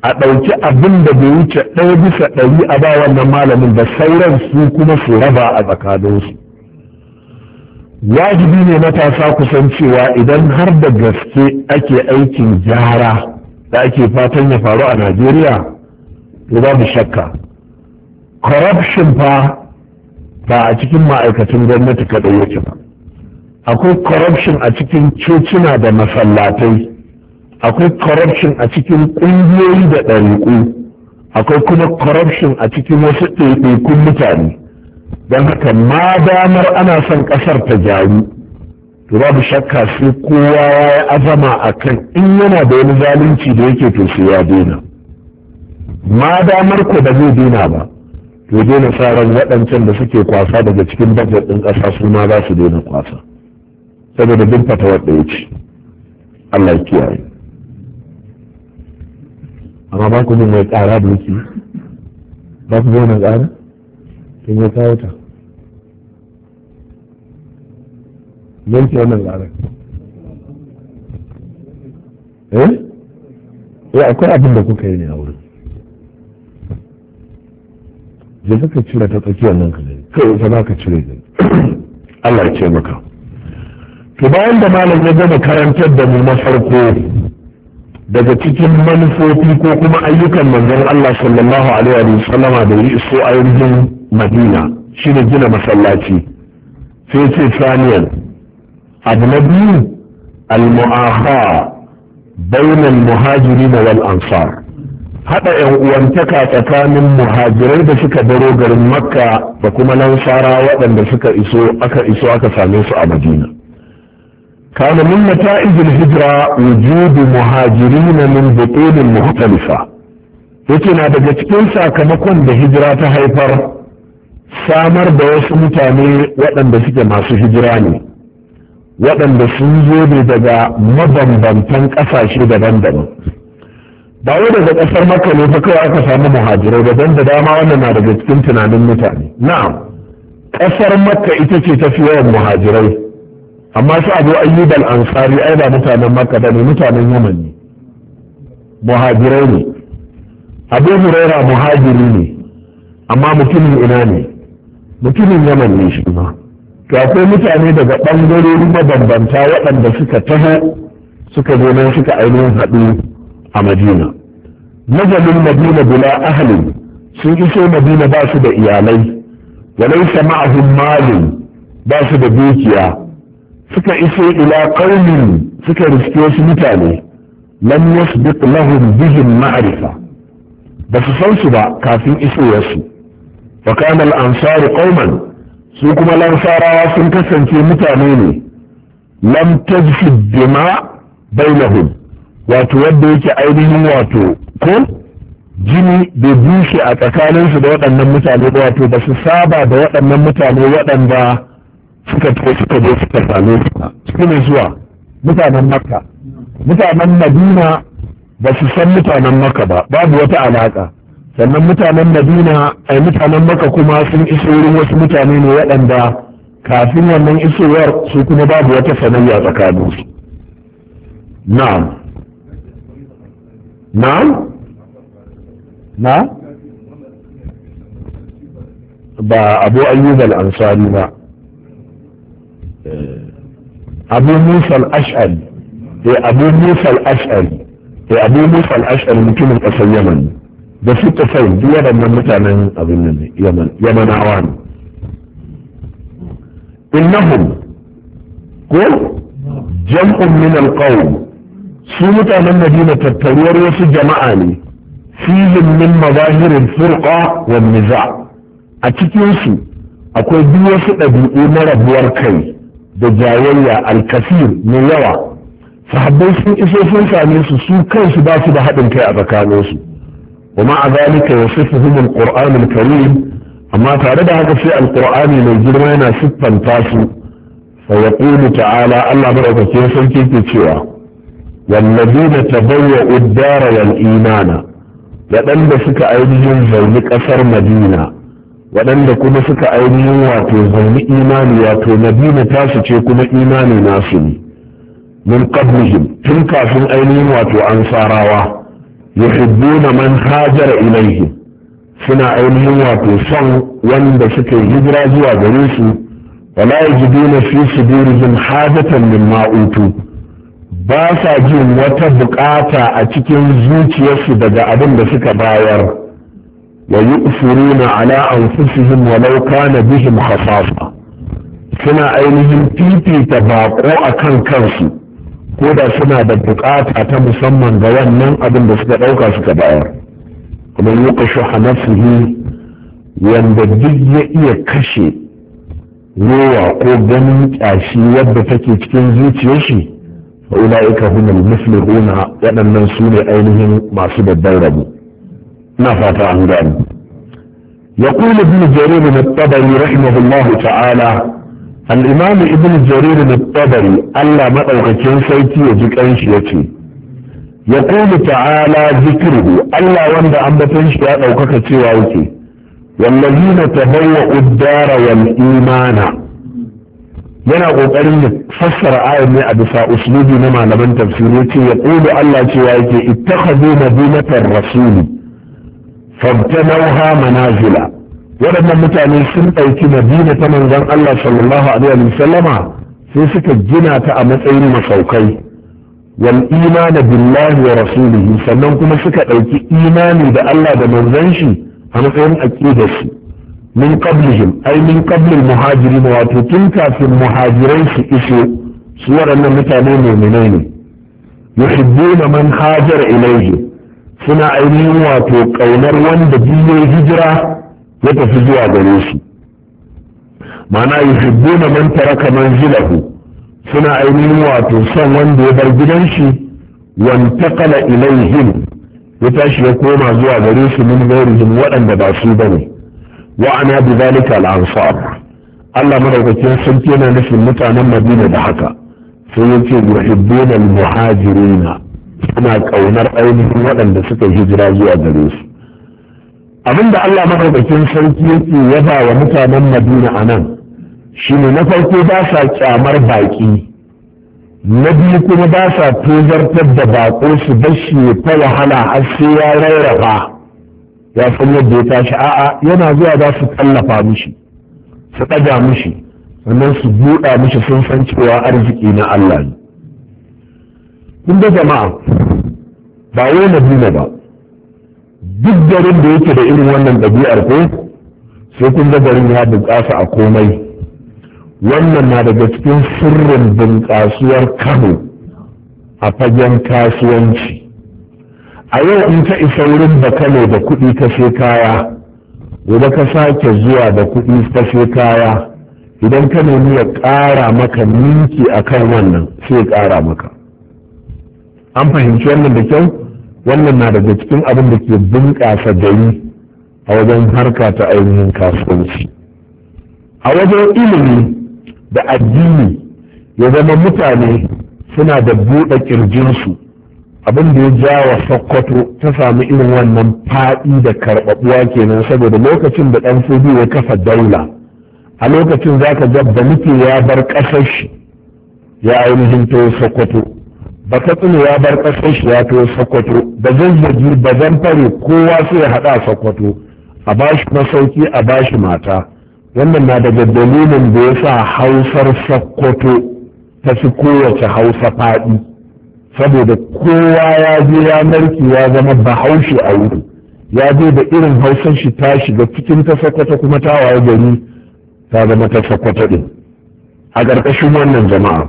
a ɗauki abin da bai wuce ɗaya bisa ɗari a ba wannan malamin da sauran su kuma su raba a tsakaninsu wajibi ne matasa kusan cewa idan har da gaske ake aikin gyara da ake fatan ya faru a najeriya to babu shakka corruption fa ba a cikin ma'aikacin gwamnati kaɗai yake ba akwai corruption a cikin cocina da masallatai akwai corruption a cikin ƙungiyoyi da ɗariƙu akwai kuma corruption a cikin wasu ɗaiɗaikun mutane don haka ma damar ana son ƙasar ta gyaru to babu shakka sai kowa ya yi azama a kan in yana da wani zalunci da yake to sai ya daina ma damar ku da zai daina ba to daina sa ran waɗancan da suke kwasa daga cikin bajet ɗin ƙasa su ma za su daina kwasa saboda duk fata wadda ya ce Allah ya kiyaye amma ba ku mai tsara da yake ba ku zauna tsara sun ya kawo ta yanke wannan tsarin eh? eh akwai abin da kuka yi ne a wurin da ka cire ta tsakiyar nan ka gani kai ita za ka cire ta. Allah ya ce maka to bayan da malam ya gama karantar da mu na farko daga cikin manufofi ko kuma ayyukan manzon Allah sallallahu alaihi wa sallama da yi so a yanzu Madina shine gina masallaci sai ce saniyan abu na biyu al-mu'aha bainal muhajirin wal ansar haɗa yan uwantaka tsakanin muhajirai da suka baro garin makka da kuma lansara waɗanda suka iso aka iso aka same su a madina كان من hijira, الهجرة وجود مهاجرين من بطون yake na daga cikin sakamakon da hijira ta haifar samar da wasu mutane waɗanda suke masu hijira ne waɗanda sun zo ne daga mabambantan ƙasashe daban-daban ba wai daga kasar makka ne fa kawai aka samu muhajirai da da dama wannan na daga cikin tunanin mutane na'am kasar maka ita ce ta fi yawan muhajirai amma su abu ayyub al-ansari ai ba mutanen makka da ne mutanen yaman ne muhajirai ne abu huraira muhajiri ne amma mutumin ina ne mutumin yaman ne shi ma to akwai mutane daga ɓangarori mabambanta waɗanda suka taho suka zo nan suka ainihin haɗu a madina najalin madina bila ahalin sun iso madina ba su da iyalai walaisa ma'ahum malin ba su da dukiya suka iso ila qaumin suka riske wasu mutane lam yasbiq lahum bihim ma'rifa ba su san su ba kafin isowarsu wa kana al-ansaru qauman su kuma lansarawa sun kasance mutane ne lam tajfid dima bainahum wato wadda yake ainihin wato ko jini bai bushe a tsakaninsu da waɗannan mutane ba wato ba su saba da waɗannan mutane waɗanda suka to suka je suka same su su ne zuwa mutanen makka mutanen madina ba su san mutanen makka ba babu wata alaƙa sannan mutanen madina ai mutanen makka kuma sun iso wurin wasu mutane ne waɗanda kafin wannan isowar su kuma babu wata sanayya tsakaninsu na'am نعم نعم ابو ايوب الانصاري با اه، ابو موسى الاشعري هي ابو موسى الاشعري هي ابو موسى الاشعري مكين قصر يمن ده في قصر دي يبا من متعنا ابو يمن يمن عوان انهم قل جمع من القوم su mutanen madina tattaruwar wasu jama'a ne filin min mazahirin furqa wa niza a cikinsu akwai duk wasu ɗabi'u na rabuwar kai da jayayya alkasir mai yawa sahabbai sun iso sun same su su kansu ba su da haɗin kai a tsakaninsu kuma a zalika ya sifu humul karim amma tare da haka sai Alƙur'ani mai girma yana siffanta su fa yaqulu ta'ala Allah madaukakin sarki ke cewa والذين تبوأوا الدار والإيمان waɗanda suka ainihin zauni ƙasar madina waɗanda kuma suka ainihin wato zauni imani wato madina tasu ce kuma imani nasu ne min qablihim tun kafin ainihin wato ansarawa yuhibbuna man hajara ilaihim suna ainihin wato son wanda suka yi hijira zuwa gare su wala yajiduna fi sudurihim hajatan mimma utu ba sa jin wata bukata a cikin zuciyarsu daga abin da suka bayar wa yu'siruna ala anfusihim walau kana bihim hasasa. suna ainihin fifita bako akan kansu ko da suna da bukata ta musamman ga wannan abin da suka dauka suka bayar kuma yuka shuha nafsihi wanda duk ya iya kashe rowa ko ganin kyashi wadda take cikin zuciyarshi? shi فأولئك هم المفلحون waɗannan su أينهم ما سبب الدورب ما فات عن ذلك يقول ابن جرير الطبري رحمه الله تعالى الإمام ابن جرير الطبري ألا مدوكين سيتي يجيك شيتي يقول تعالى ذكره ألا وند أنبتنش يا أوكك تيوى والذين تبوأوا الدار والإيمان yana kokarin ya fassara ayar ne a bisa uslubi na malaman tafsiri ce ya kudu Allah cewa yake ittakhadhu madinatar rasuli fabtanawha manazila waɗannan mutane sun ɗauki madina ta manzon Allah sallallahu alaihi wa sallama sai suka gina ta a matsayin masaukai wal imani billahi wa rasulihi sannan kuma suka ɗauki imani da Allah da manzon shi a matsayin aqidar shi. min qablihim ai min qablil muhajirin wato tun kafin muhajirai su iso su waɗannan mutane mu'minai ne yuhibbuna man hajar ilayhi suna ainihin wato kaunar wanda biyo hijira ya tafi zuwa gare shi ma'ana yuhibbuna man taraka manzilahu suna ainihin wato son wanda ya bar gidan shi wantakala ilaihim ya tashi ya koma zuwa gare su min gairihim waɗanda ba su bane wa ana bi zalika al-ansar Allah madaukakin sarki yana nufin mutanen Madina da haka sai ya ce yuhibbuna al-muhajirina kaunar ainihin waɗanda suka hijira zuwa gare su abinda Allah madaukakin sarki yake yaba wa mutanen Madina anan shine na farko ba sa kyamar baki na biyu kuma ba sa tozartar da bako su bashi ta wahala har sai ya rarraba ya san yadda ya tashi a'a yana zuwa za su tallafa mishi su ɗaga mishi sannan su buɗa mishi sun san cewa arziki na Allah ne kun da jama'a ba wai Madina ba duk garin da yake da irin wannan ɗabi'ar ko sai kun da garin ya bunƙasa a komai wannan na daga cikin sirrin bunƙasuwar Kano a fagen kasuwanci a yau in ka isa wurin da kano da kuɗi ta kaya gobe ka sake zuwa da kuɗi ta kaya idan ka nemi ya ƙara maka minki a kan wannan sai ya ƙara maka an fahimci wannan da kyau wannan na daga cikin abin da ke bunƙasa gari a wajen harka ta ainihin kasuwanci a wajen ilimi da addini ya zama mutane suna da buɗe ƙirjinsu abin da ya ja wa sokoto ta sami irin wannan faɗi da karbabuwa kenan saboda lokacin da ɗan fudu ya kafa daula a lokacin za ka da muke ya bar ƙasar shi ya ainihin to sokoto ba ta ya bar ƙasar shi ya to sokoto da zazzagi ba zan fare kowa sai ya haɗa sokoto a bashi masauki a bashi mata wannan na daga dalilin da ya sa hausar sokoto ta fi kowace hausa faɗi saboda kowa ya je ya narki ya zama bahaushe a wuri ya je da irin hausan shi ta shiga cikin ta sakwata kuma ta waye gari ta zama ta sakwata din a ƙarƙashin wannan jama'a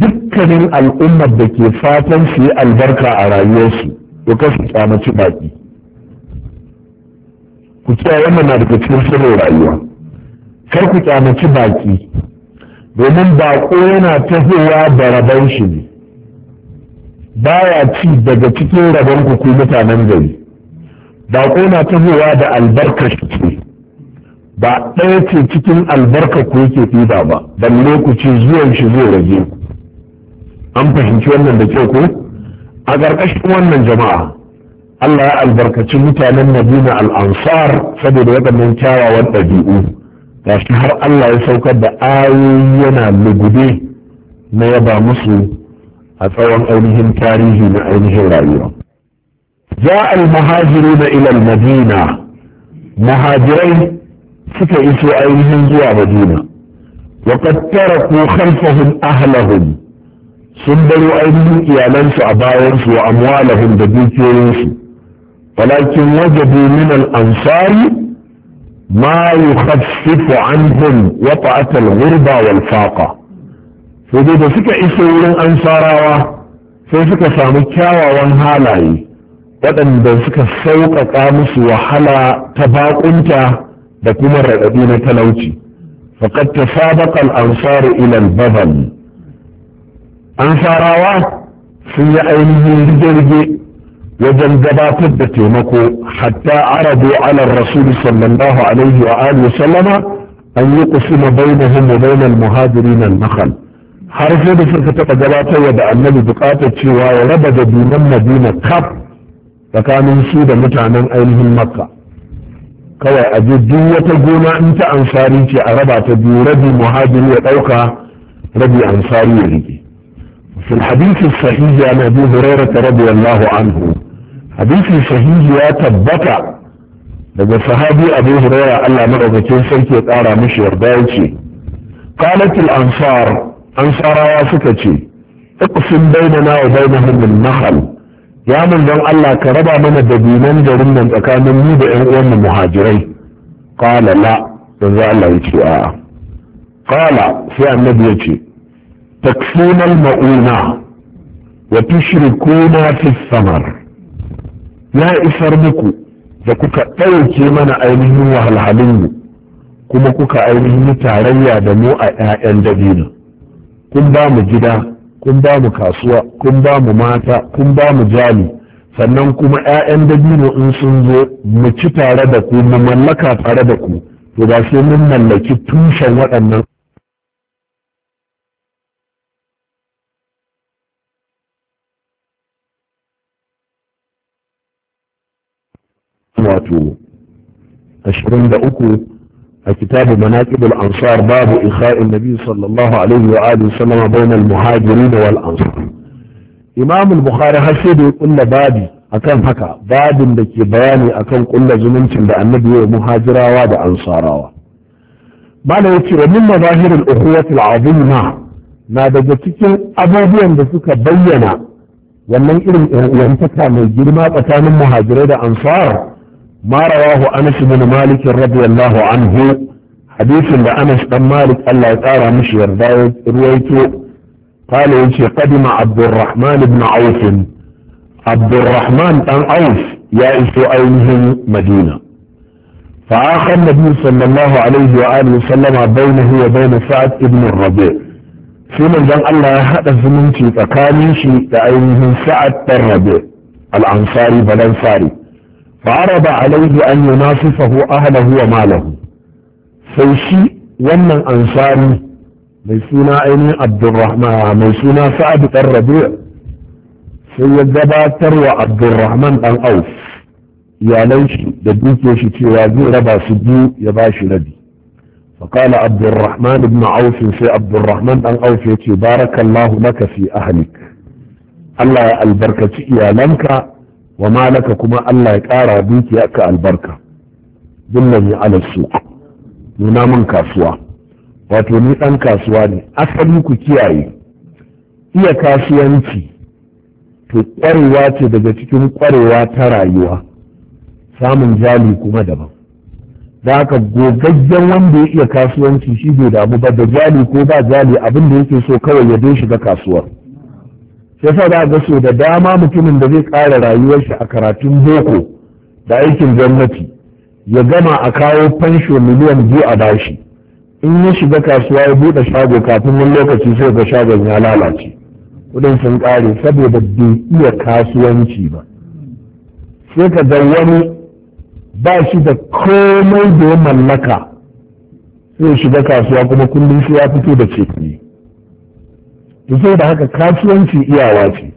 dukkanin al'ummar da ke fatan su yi albarka a rayuwarsu to ka su kyamaci baƙi ku kiyaye wannan na daga cikin sirrin rayuwa kar ku kyamaci baƙi domin baƙo yana tahowa da rabon shi ne baya ci daga cikin rabon ku ku mutanen gari baƙo na tahowa da albarkar ce ba ɗaya ce cikin albarkar ku yake ɗiba ba dan lokaci zuwan shi zai rage an fahimci wannan da kyau ko a ƙarƙashin wannan jama'a Allah ya albarkaci mutanen Madina al-Ansar saboda waɗannan kyawawan ɗabi'u gashi har Allah ya saukar da ayoyi yana lugube na yaba musu أثر قولهم كاريه مع عينه جاء المهاجرون إلى المدينة مهاجرين سكئت عينهم جوا مدينة وقد تركوا خلفهم أهلهم سنبلوا عينهم إيالانس أبايرس وأموالهم بديكيرس ولكن وجدوا من الأنصار ما يخفف عنهم وطأة الغربة والفاقة sai da suka iso wurin ansarawa sai suka samu kyawawan halaye waɗanda suka sauƙaƙa musu wahala ta baƙunta da kuma raɗaɗi na talauci faƙad ta sabaƙa al'ansaru ilal babal ansarawa sun yi ainihin rige-rige wajen gabatar da taimako hatta arabu Alar, rasul sallallahu alaihi wa alihi sallama an yi kusuma bainahum wa bainal muhajirin al-nakhal har sai da suka taɓa wa da annabi buƙatar cewa ya raba da dunan madina kaf tsakanin su da mutanen ainihin makka kawai a ji duk wata gona in ta ansari ce a raba ta biyu rabi muhajiri ya ɗauka rabi ansari ya rike في الحديث الصحيح عن ابي ta rabi الله anhu حديث صحيح ya tabbata daga sahabi abu huraira allah maɗaukakin sarki ya ƙara mishi yarda ya ce qalatil ansar ansarawa suka ce daina bainana wa bainahum mahal, nahl ya manzon Allah ka raba mana dabinan garin nan tsakanin mu da ƴan uwan muhajirai qala la manzon Allah ya ce a qala sai annabi ya ce takfuna al-mauna wa tushrikuna fi samar ya isar muku da kuka ɗauke mana ainihin wahalhalin kuma kuka ainihin tarayya da mu a 'ya'yan dabino kun ba mu gida kun ba mu kasuwa kun ba mu mata kun ba mu jali sannan kuma 'ya'yan dabino in sun zo mu ci tare da ku mu mallaka tare da ku to ba sai mun mallaki tushen waɗannan wato 23 كتاب مناقب الأنصار باب إخاء النبي صلى الله عليه وآله وسلم بين المهاجرين والأنصار إمام البخاري حسيد يقول بابي أكان حكا باب لكي بياني أكان كل زمنتم النبي ومهاجرا ودا أنصارا ما لا يتي ومن مظاهر الأخوة العظيمة ما دجتك أبوبيا دسك بينا ومن إرم ينتكى من جرما أكان المهاجرين أنصار ما رواه أنس بن مالك رضي الله عنه حديث لأنس بن مالك الله تعالى مشي يرضى رويته قال يمشي قدم عبد الرحمن بن عوف عبد الرحمن بن عوف يائس أينهم مدينة فآخى النبي صلى الله عليه وآله وسلم بينه وبين سعد بن الربيع في من جان الله هذا الزمن فكاني شيء تأينه سعد بن الربيع الأنصاري بن أنصاري فعرض عليه أن ينافسه أهله وماله فشي ومن أنصاري mai suna ainihin abdulrahman mai suna sa'ad dan rabi sai ya gabatar wa abdulrahman dan auf iyalan shi da duke shi cewa zai raba su biyu ya bashi shi rabi fa qala abdulrahman ibn auf sai abdulrahman dan auf yace barakallahu laka fi ahlik Allah ya albarkaci iyalanka wa malaka kuma Allah ya kara dukiya ka albarka dillani ala suq nuna min kasuwa wato ni ɗan kasuwa ne asali ku kiyaye iya kasuwanci to ƙwarewa ce daga cikin ƙwarewa ta rayuwa samun jali kuma daban da haka gogaggen wanda ya iya kasuwanci shi bai damu ba da jali ko ba jali abin da yake so kawai ya dai shiga kasuwar yasa za ga so da dama mutumin da zai ƙara rayuwarsa a karatun boko da aikin gwamnati ya gama a kawo fansho miliyan biyu a bashi in ya shiga kasuwa ya buɗe shago kafin wani lokaci sai ga shagon ya lalace kuɗin sun ƙare saboda bai iya kasuwanci ba sai ka ga wani ba shi da komai da ya mallaka sai shiga kasuwa kuma kullum sai ya fito da cefane to da haka kasuwanci iyawa ce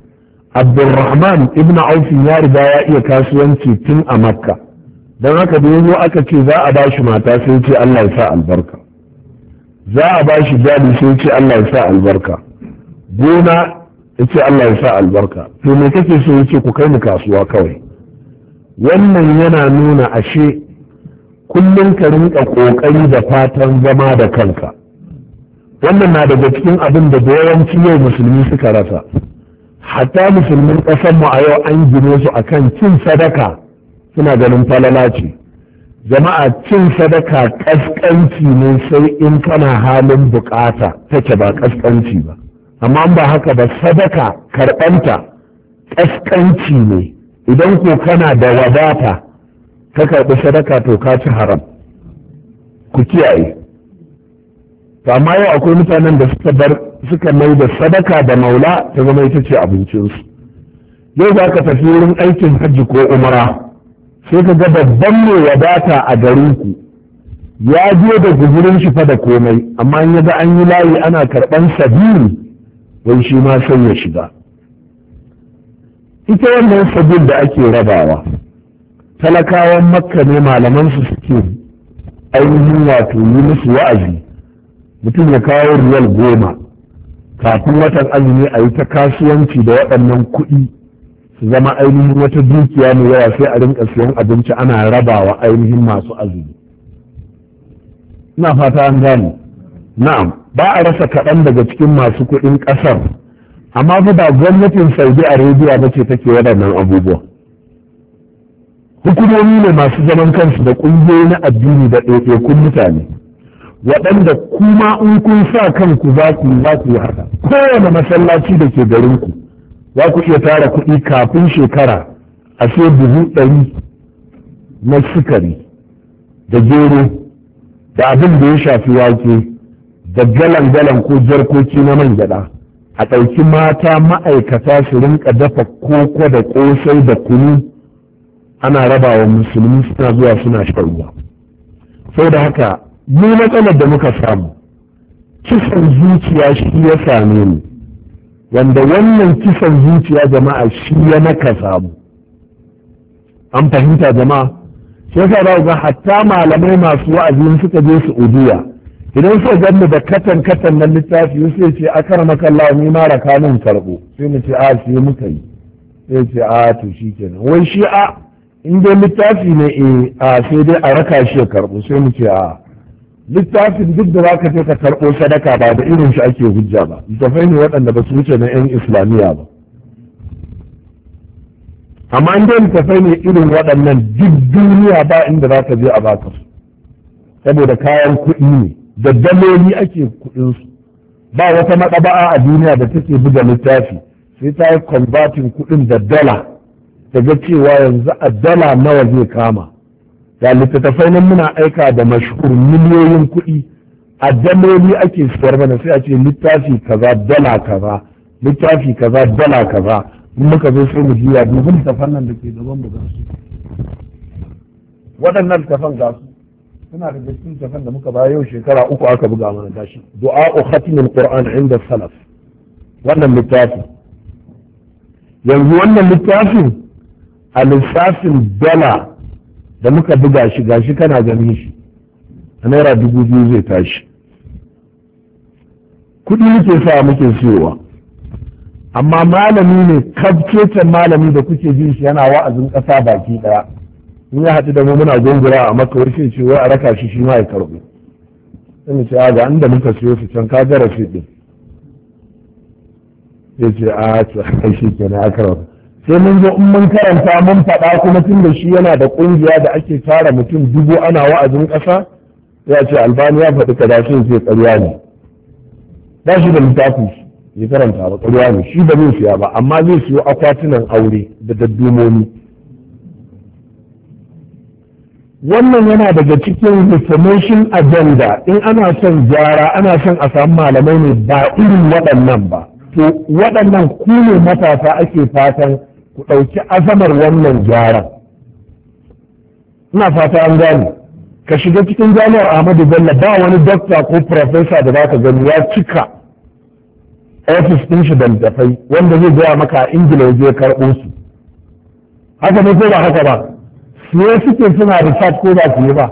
abdulrahman ibn aufin ya riga ya iya kasuwanci tun a makka don haka da yanzu aka ce za a bashi mata sai ce allah ya sa albarka za a bashi gadi sai ce allah ya sa albarka gona ya ce allah ya sa albarka to me kake so yace ce ku kai mu kasuwa kawai wannan yana nuna ashe kullum ka rinka kokari da fatan zama da kanka wannan na daga cikin abin da yawanci yau musulmi suka rasa hatta musulmin ƙasar mu a yau an gine su akan cin sadaka suna ganin falala ce jama'a cin sadaka ƙasƙanci ne sai in kana halin bukata take ba ƙasƙanci ba amma ba haka ba sadaka karɓanta ƙasƙanci ne idan ko kana da wadata ka karɓi sadaka to ka ci haram ku kiyaye to amma yau akwai mutanen da suka bar suka mai da sadaka da maula ta zama ita ce abincinsu yau za ka tafi wurin aikin hajji ko umara sai ka ga babban mai wadata a garinku ya je da guzurin shi fa da komai amma in yaga an yi layi ana karɓan sabili wai shi ma sai ya shiga ita wannan sabil da ake rabawa talakawan makka ne malaman su suke ainihin wato yi musu wa'azi mutum ya kawo riyal goma kafin watan azumi a yi ta kasuwanci da waɗannan kuɗi su zama ainihin wata dukiya mai yawa sai a rinka siyan abinci ana rabawa ainihin masu azumi ina fata an gane na'am ba a rasa kaɗan daga cikin masu kuɗin ƙasar amma fa ba gwamnatin saudi arabia ba ce take waɗannan abubuwa hukumomi ne masu zaman kansu da ƙungiyoyi na addini da ɗaiɗaikun mutane waɗanda kuma in kun sa kanku za ku za ku yi haka kowane masallaci da ke garinku za ku iya tara kuɗi kafin shekara a sai buhu ɗari na sukari da gero da abin da ya shafi wake da galan-galan ko jarkoki na man gyaɗa a ɗauki mata ma'aikata su rinka dafa koko da ƙosai da kunu ana raba wa musulmi suna zuwa suna shan ruwa sau da haka mu matsalar da muka samu kisan zuciya shi ya same ni wanda wannan kisan zuciya jama'a shi ya naka samu an fahimta jama'a shi yasa za ga hatta malamai masu wa'azi suka je su udiya idan suka ganni da katan katan na littafi sai ce a kar makalla ni ma raka nan karbo sai mu ce a sai muka yi sai ce a to shikenan wai shi a in dai littafi ne eh a sai dai a raka shi ya karbo sai mu ce a littafin duk da zaka je ka karɓo sadaka ba da irin shi ake hujja ba littafai ne waɗanda ba su wuce na 'yan islamiyya ba amma an dai littafai ne irin waɗannan duk duniya ba inda za ka je a baka su saboda kayan kuɗi ne da daloli ake kuɗinsu ba wata maɗaba'a a duniya da take buga littafi sai ta yi kwambatin kuɗin da dala daga cewa yanzu a dala nawa zai kama ga littattafai nan muna aika da mashhur miliyoyin kuɗi a daloli ake siyar mana sai a ce littafi kaza dala kaza littafi kaza dala kaza in muka zo sai mu juya dubu littattafan nan da ke gaban mu su waɗannan littattafan ga su suna da cikin littattafan da muka ba yau shekara uku aka buga mana gashi du'a'u khatimul qur'an inda salaf wannan littafi yanzu wannan littafin a lissafin dala da muka buga shi gashi kana ganin shi a naira dubu biyu zai tashi kuɗi muke sa muke siyowa amma malami ne kabkecen malami da kuke jin shi yana wa'azin ƙasa baki ɗaya in ya haɗu da mu muna gungura a maka warke ce wai a raka shi shi ma ya karɓi sai ce a ga inda muka siyo su can ka gara shi ɗin ya ce a ce a shi kenan a sai mun zo in mun karanta mun faɗa kuma tun da shi yana da ƙungiya da ake tara mutum dubu ana wa'azin ƙasa ya ce albani ya faɗi kaza shi sai ƙarya ne ba shi da littafi ya karanta ba ƙarya ne shi ba zai siya ba amma zai siyo akwatunan aure da daddumomi wannan yana daga cikin reformation agenda in ana son gyara ana son a samu malamai ne ba irin waɗannan ba to waɗannan ku ne matasa ake fatan ku ɗauki azamar wannan gyaran ina fata an gane ka shiga cikin jami'ar ahmadu bello ba wani dokta ko profesa da zaka gani ya cika ofis ɗin shi da littafai wanda zai gaya maka a ingila ya karɓo su haka ne ko ba haka ba me suke suna research ko ba su yi ba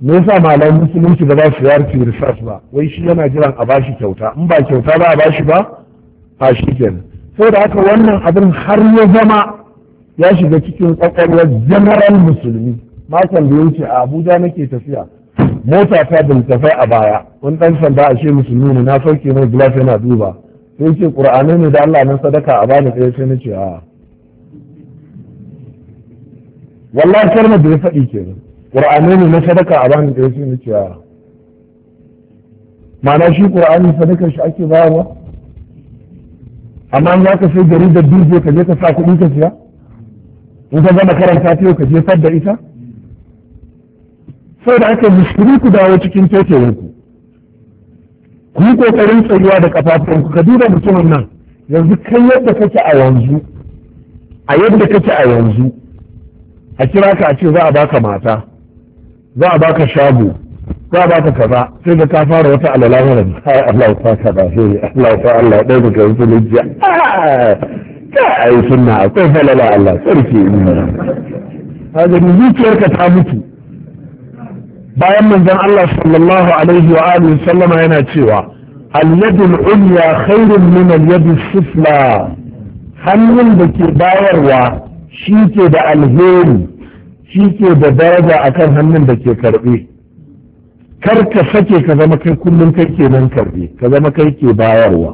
me yasa malaman musulunci ba za su yi yarci research ba wai shi yana jiran a bashi kyauta in ba kyauta ba a bashi ba a shi kenan da haka wannan abin har ya zama ya shiga cikin kwakwalwar general musulmi makon da ya wuce a abuja nake tafiya mota ta da a baya wani dan sanda a ce musulmi ne na sauke mai glass yana duba sai ce qur'ani ne da Allah nan sadaka a bani ɗaya sai nace a wallahi kalmar da ya faɗi kenan qur'ani ne na sadaka a bani ɗaya sai nace a ma'ana shi qur'ani sadaka shi ake bayarwa amma za ka sai jaridar dj ka je ka sa kuɗi ka siya in ka gama karanta ko ka je da ita sai da aka muskuri ku dawo cikin tekewar ku ku yi kokarin tsayuwa da kafafun ku ka duba mutumin nan yanzu kai yadda kake a yanzu a yadda kake a yanzu a kira ka a ce za a baka mata za a baka shago za ba ta kaza sai da ta fara wata alala mara ai Allah ta ka da shi Allah ta Allah dai da kai zuciya ka ai sunna akwai halala Allah sarki haka ni zuciyarka ta mutu bayan manzon Allah sallallahu alaihi wa alihi sallama yana cewa al-yadu al-ulya khairun min al-yadu sufla hannun da ke bayarwa shi ke da alheri shi ke da daraja akan hannun da ke karbe kar ka sake ka zama kai kullum kai ke nan karbe ka zama kai ke bayarwa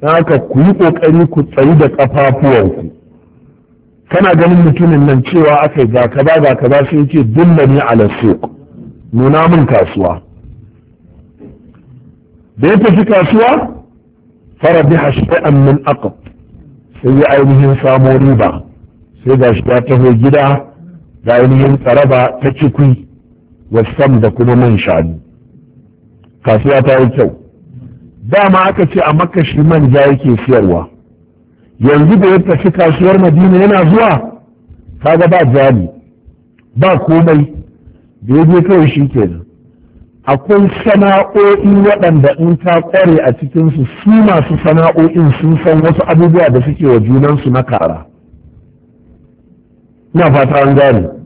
don haka ku yi kokari ku tsayi da kafafuwanku kana ganin mutumin nan cewa aka ga kaza ga kaza sai ce dullani ala nuna min kasuwa da ya tafi kasuwa fara bi shay'an min aqab sai ya ainihin samo riba sai ga shi ta taho gida ga ainihin tsaraba ta cikui wasam da kuma man shanu kasuwa ta yi kyau dama aka ce a maka shi manja yake siyarwa yanzu da ya tafi kasuwar madina yana zuwa kaga ba jari ba komai da ya je kawai shi kenan akwai sana'o'i waɗanda in ta ƙware a cikinsu su masu sana'o'in sun san wasu abubuwa da suke wa junansu na kara na fata an gane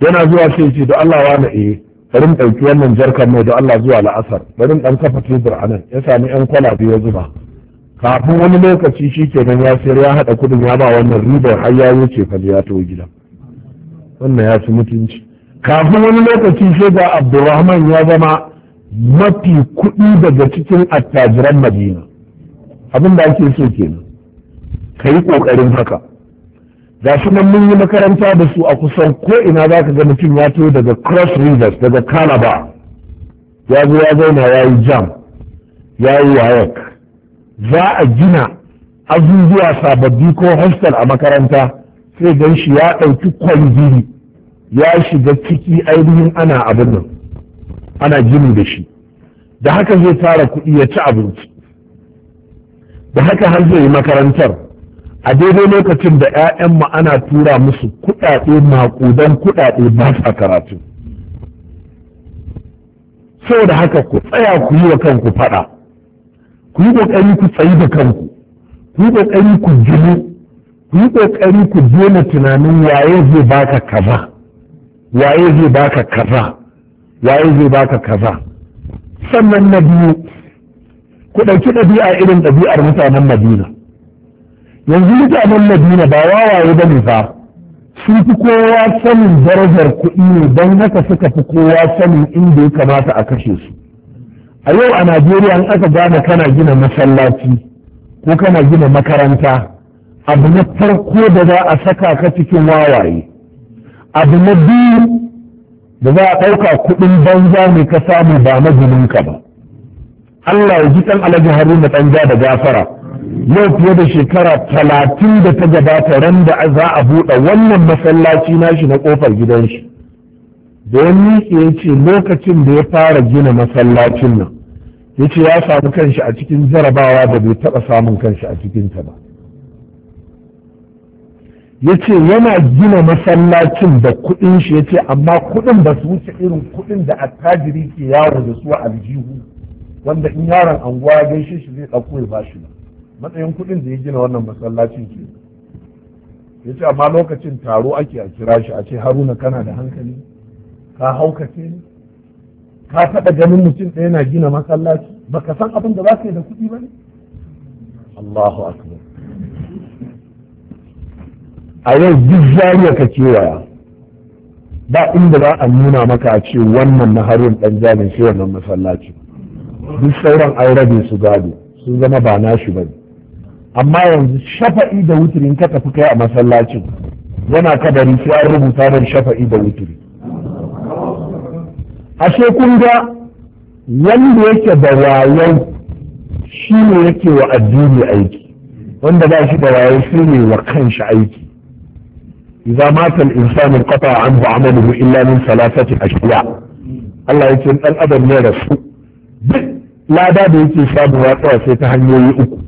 yana zuwa sai ce da Allah wani eh bari ɗauki wannan jarkar mai da Allah zuwa la'asar bari ɗan kafa tubur a nan ya sami yan kwala biyu zuba kafin wani lokaci shi kenan ya sayar ya haɗa kudin ya ba wannan ribar har ya wuce fa ya to gida wannan ya fi mutunci kafin wani lokaci shi ga Abdulrahman ya zama mafi kuɗi daga cikin attajiran Madina abin da ake so kenan ka yi ƙoƙarin haka ga shi nan mun yi makaranta da su a kusan ko ina za ka ga mutum ya to daga cross rivers daga calabar ya zo ya zauna ya yi jam ya yi wayak e za a gina azuzuwa sababbi ko hostel a makaranta sai gan shi ya ɗauki kwangiri ya shiga ciki ainihin ana abin nan ana gini da shi da haka zai tara kuɗi ya ci abinci da haka har zai yi makarantar a daidai lokacin da 'ya'yanmu ana tura musu kuɗaɗe maƙudan kuɗaɗe ba sa karatu saboda haka ku tsaya ku yi wa kanku faɗa ku yi ƙoƙari ku tsayi da kanku ku yi ƙoƙari ku jini ku yi ƙoƙari ku daina tunanin waye zai baka kaza waye zai baka kaza waye zai baka kaza sannan na biyu ku ɗauki ɗabi'a irin ɗabi'ar mutanen madina yanzu mutanen madina ba wawaye ba ne ba sun fi kowa sanin darajar kuɗi ne don haka suka fi kowa sanin inda ya kamata a kashe su a yau a najeriya in aka gane kana gina masallaci ko kana gina makaranta abu na farko da za a saka ka cikin wawaye abu na biyu da za a ɗauka kuɗin banza ne ka samu ba na ka ba Allah ya ji ɗan alhaji haruna ɗan ja da gafara yau fiye da shekara talatin da ta gabata ran da za a buɗe wannan masallaci nashi na ƙofar gidan shi da ya miƙe ya ce lokacin da ya fara gina masallacin nan ya ce ya samu kanshi a cikin jarabawa da bai taɓa samun kanshi a cikinta ba ya ce yana gina masallacin da kuɗin shi ya ce amma kuɗin ba su wuce irin kuɗin da attajiri ke yawo da su a aljihu wanda in yaron anguwa ya gaishe shi zai ɗauko ya ba shi ba matsayin kuɗin da ya gina wannan masallacin ke ya ce amma lokacin taro ake a kira shi a ce haruna kana da hankali ka haukace ne ka taɓa ganin mutum ɗaya na gina masallaci ba ka san abin da za ka yi da kuɗi ba ne Allahu akbar a yau duk zariya ka kewaya ba inda za a nuna maka a ce wannan na harun ɗan jami'in shi wannan masallaci duk sauran aure su gado sun zama ba nashi ba ne amma yanzu shafa'i da wuturi ka tafi kai a masallacin yana kabari sai an rubuta don shafa'i da wuturi ashe kun ga wanda yake da wayo shi ne yake wa addini aiki wanda ba shi da wayo shi ne wa kanshi aiki idza mata al-insanu qata anhu amaluhu illa min salasati ashiya Allah yake dan adam ne rasu duk lada da yake samu ya tsaya sai ta hanyoyi uku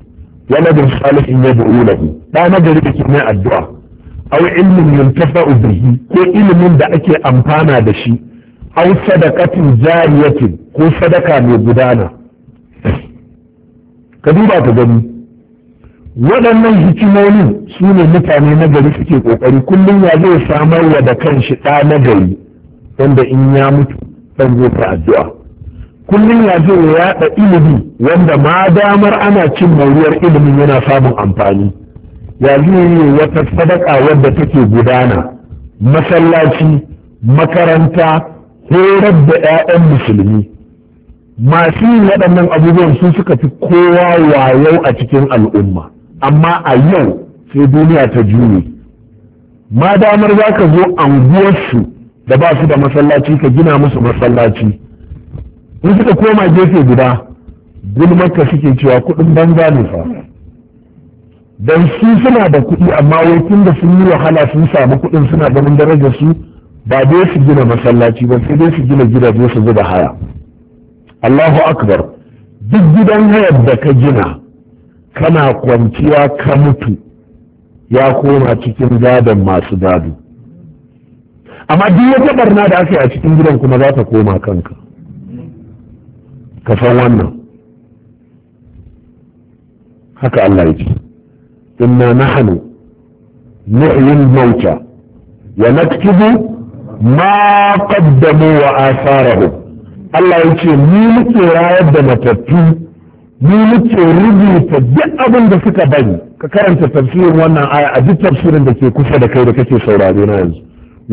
waladin salihin ya da'u lahu da na gari da ke mai addu'a aw ilmin yuntafa'u bihi ko ilimin da ake amfana da shi aw sadaqatin jariyatin ko sadaka mai gudana ka duba gani waɗannan hikimomin su ne mutane na gari suke ƙoƙari kullum ya zai samar wa da kan shi ɗa nagari, gari wanda in ya mutu ɗan zai addu'a kullum ya zo ya ilimi wanda ma damar ana cin mauriyar ilimin yana samun amfani ya zo yi wata sadaka wadda take gudana masallaci makaranta horar da 'ya'yan musulmi masu yin waɗannan abubuwan sun suka fi kowa wayau a cikin al'umma amma a yau sai duniya ta juye ma damar za ka zo anguwarsu da ba su da masallaci ka gina musu masallaci in suka koma gefe guda gulmarka suke cewa kuɗin banza ne fa don su suna da kuɗi amma wai da sun yi wahala sun samu kuɗin suna ganin darajar su ba dai su gina masallaci ba sai dai su gina gidaje su zuba haya Allahu akbar duk gidan hayar da ka gina kana kwanciya ka mutu ya koma cikin gadon masu gado amma duk wata barna da aka yi a cikin gidan kuma za ta koma kanka ka san wannan haka Allah ya ce inna nahnu nuhyi al-mauta wa naktubu ma qaddamu wa atharahum Allah ya ni muke rayar da matattu ni muke rubuta duk abin da suka bari ka karanta tafsirin wannan aya a duk tafsirin da ke kusa da kai da kake saurare na yanzu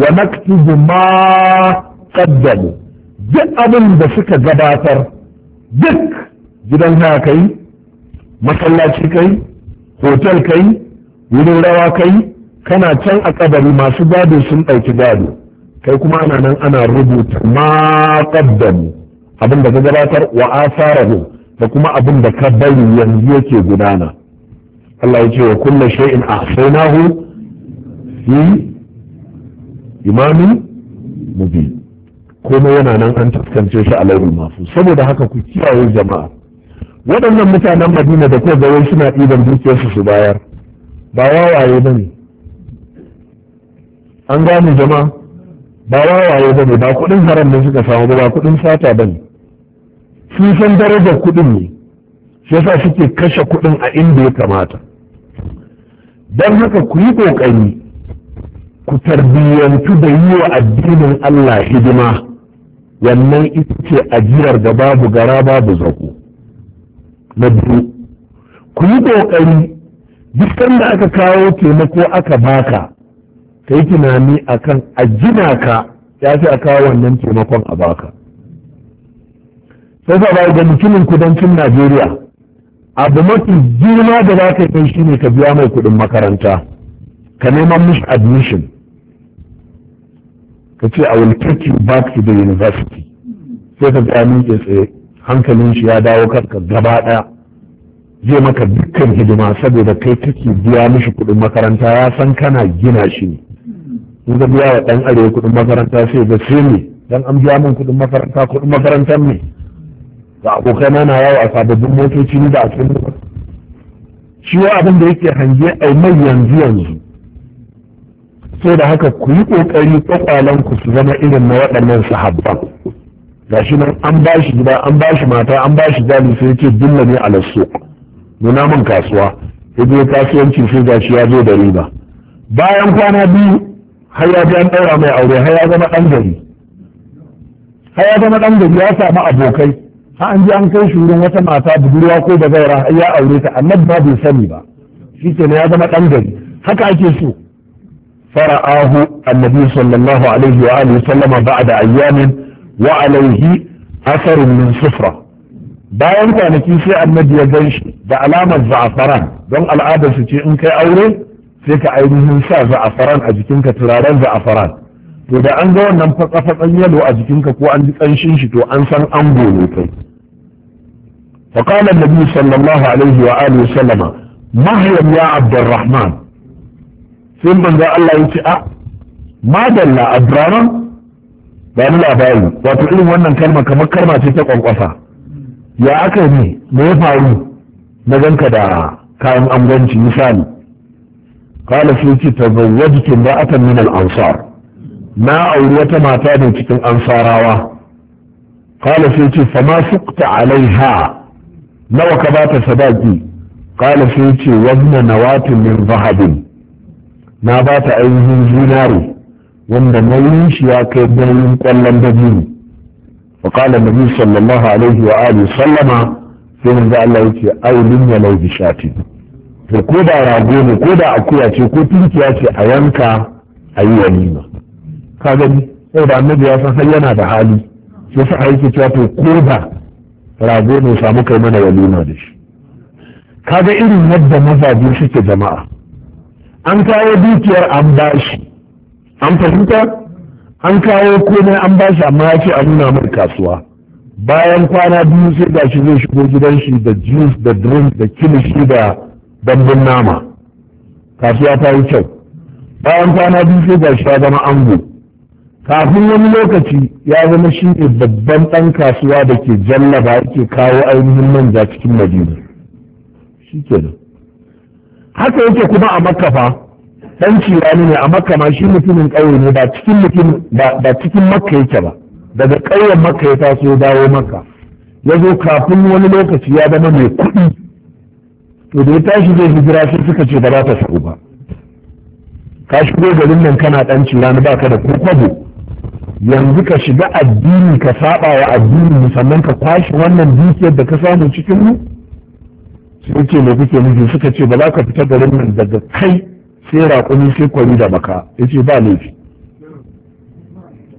wa naktubu ma qaddamu duk abin da suka gabatar duk gidan haya kai masallaci kai hotel kai wurin rawa kai kana can a kabari masu gado sun ɗauki gado kai kuma ana nan ana rubuta ma qaddamu abin da ka gabatar wa asarahu da kuma abin da ka bari yanzu yake gudana Allah ya ce wa kullu shay'in ahsaynahu fi imamin mubin komai yana nan an taskance shi a laurin masu? saboda haka ku kiyaye jama'a waɗannan mutanen madina da kuka gawai suna ɗiban dukiyarsu su bayar ba wawaye ba ne an gane jama'a ba wawaye ba ne ba kuɗin haram ne suka samu ba kuɗin sata ba ne sun san darajar kuɗin ne shi yasa suke kashe kuɗin a inda ya kamata don haka ku yi ƙoƙari ku tarbiyyantu da yi wa addinin Allah hidima wannan ita ce ajiyar da babu gara babu zako na biyu ku yi ƙoƙari duk da aka kawo taimako aka baka ka yi tunani akan ajina ka ya fi a kawo wannan taimakon a baka sai ba ga mutumin kudancin najeriya abu mafi girma da za ka yi shi ne ka biya mai kuɗin makaranta ka neman mishi admission ka ce i will take you back to the university sai ka gani miƙe tsaye hankalin shi ya dawo karka gaba daya zai maka dukkan hidima saboda kai kake biya mishi kuɗin makaranta ya san kana gina shi ne in ka biya wa ɗan arewa kuɗin makaranta sai ga sai ne dan an biya min kuɗin makaranta kuɗin makarantar ne ga abokai na yawo a sababbin motoci ni da a cikin shi abin da yake hange a mai yanzu yanzu so da haka ku yi ƙoƙari kwakwalen ku su zama irin na waɗannan sahabban gashi nan an ba shi gida an ba shi mata an ba shi jami sai yake dilla ne a lasso nuna min kasuwa ya je kasuwanci sai gashi ya zo da riba bayan kwana biyu har ya an ɗaura mai aure har ya zama ɗan gari har ya zama ɗan gari ya samu abokai har an ji an kai shi wurin wata mata budurwa ko da har ya aure ta annabi ba bai sani ba shi ya zama ɗan gari haka ake so فرآه النبي صلى الله عليه وآله وسلم بعد أيام وعليه أثر من صفرة bayan kwanaki sai annabi ya gan shi da alamar za'afaran don al'adar su ce in kai aure sai ka ainihin sa za'afaran a jikinka turaren za'afaran to da an ga wannan fatsa-fatsan yalo a jikinka ko an ji kanshin shi to an san an gole kai فقال النبي sallallahu alaihi عليه وآله وسلم مهلا يا عبد الرحمن sai banza Allah ya ce a madalla abraman ba ni labari wato irin wannan kalma kamar kalma ce ta kwankwasa ya aka ne me ya faru na ganka da kayan amganci misali kala sai ce tazawwajtu ra'atan min al-ansar na auri wata mata ne cikin ansarawa kala sai ce fama sukta alaiha nawa ka bata sadaki kala sai ce wazna nawatin min zahabin na ba ta ainihin zinare wanda nauyin shi ya kai nauyin kwallon dabino wa kala nabi sallallahu alaihi wa alihi sallama sai ga Allah yake ai ya lau bishati to ko da rago ne ko da akuya ce ko tunkiya ce a yanka a yi walima ka gani da annabi ya san har yana da hali sai sa aiki cewa to ko da rago ne samu kai mana walima da shi ga irin yadda mazaje suke jama'a an kawo dukiyar an bashi an fahimta an kawo komai an bashi amma ya ce a nuna mai kasuwa bayan kwana biyu sai ga shi zai shigo gidan shi da juice da drink da kilishi da dambun nama kasuwa ta yi kyau bayan kwana biyu sai ga shi ya zama ango kafin wani lokaci ya zama shi ne babban ɗan kasuwa da ke jallaba yake kawo ainihin manja cikin madina shi kenan haka yake kuma a makka fa dan cirani ne a makka ma shi mutumin ƙauye ne ba cikin mutum ba cikin makka yake ba daga ƙauyen makka ya taso dawo makka ya zo kafin wani lokaci ya zama mai kuɗi to da ya tashi zai hijira sai suka ce ba za ta shigo ba ka shigo garin nan kana dan cirani ba ka da kwabo yanzu ka shiga addini ka saba wa addini sannan ka kwashe wannan dukiyar da ka samu cikin mu sai ce me kuke miji suka ce ba za ka fita garin nan daga kai sai raƙumi sai kwari da baka ya ce ba laifi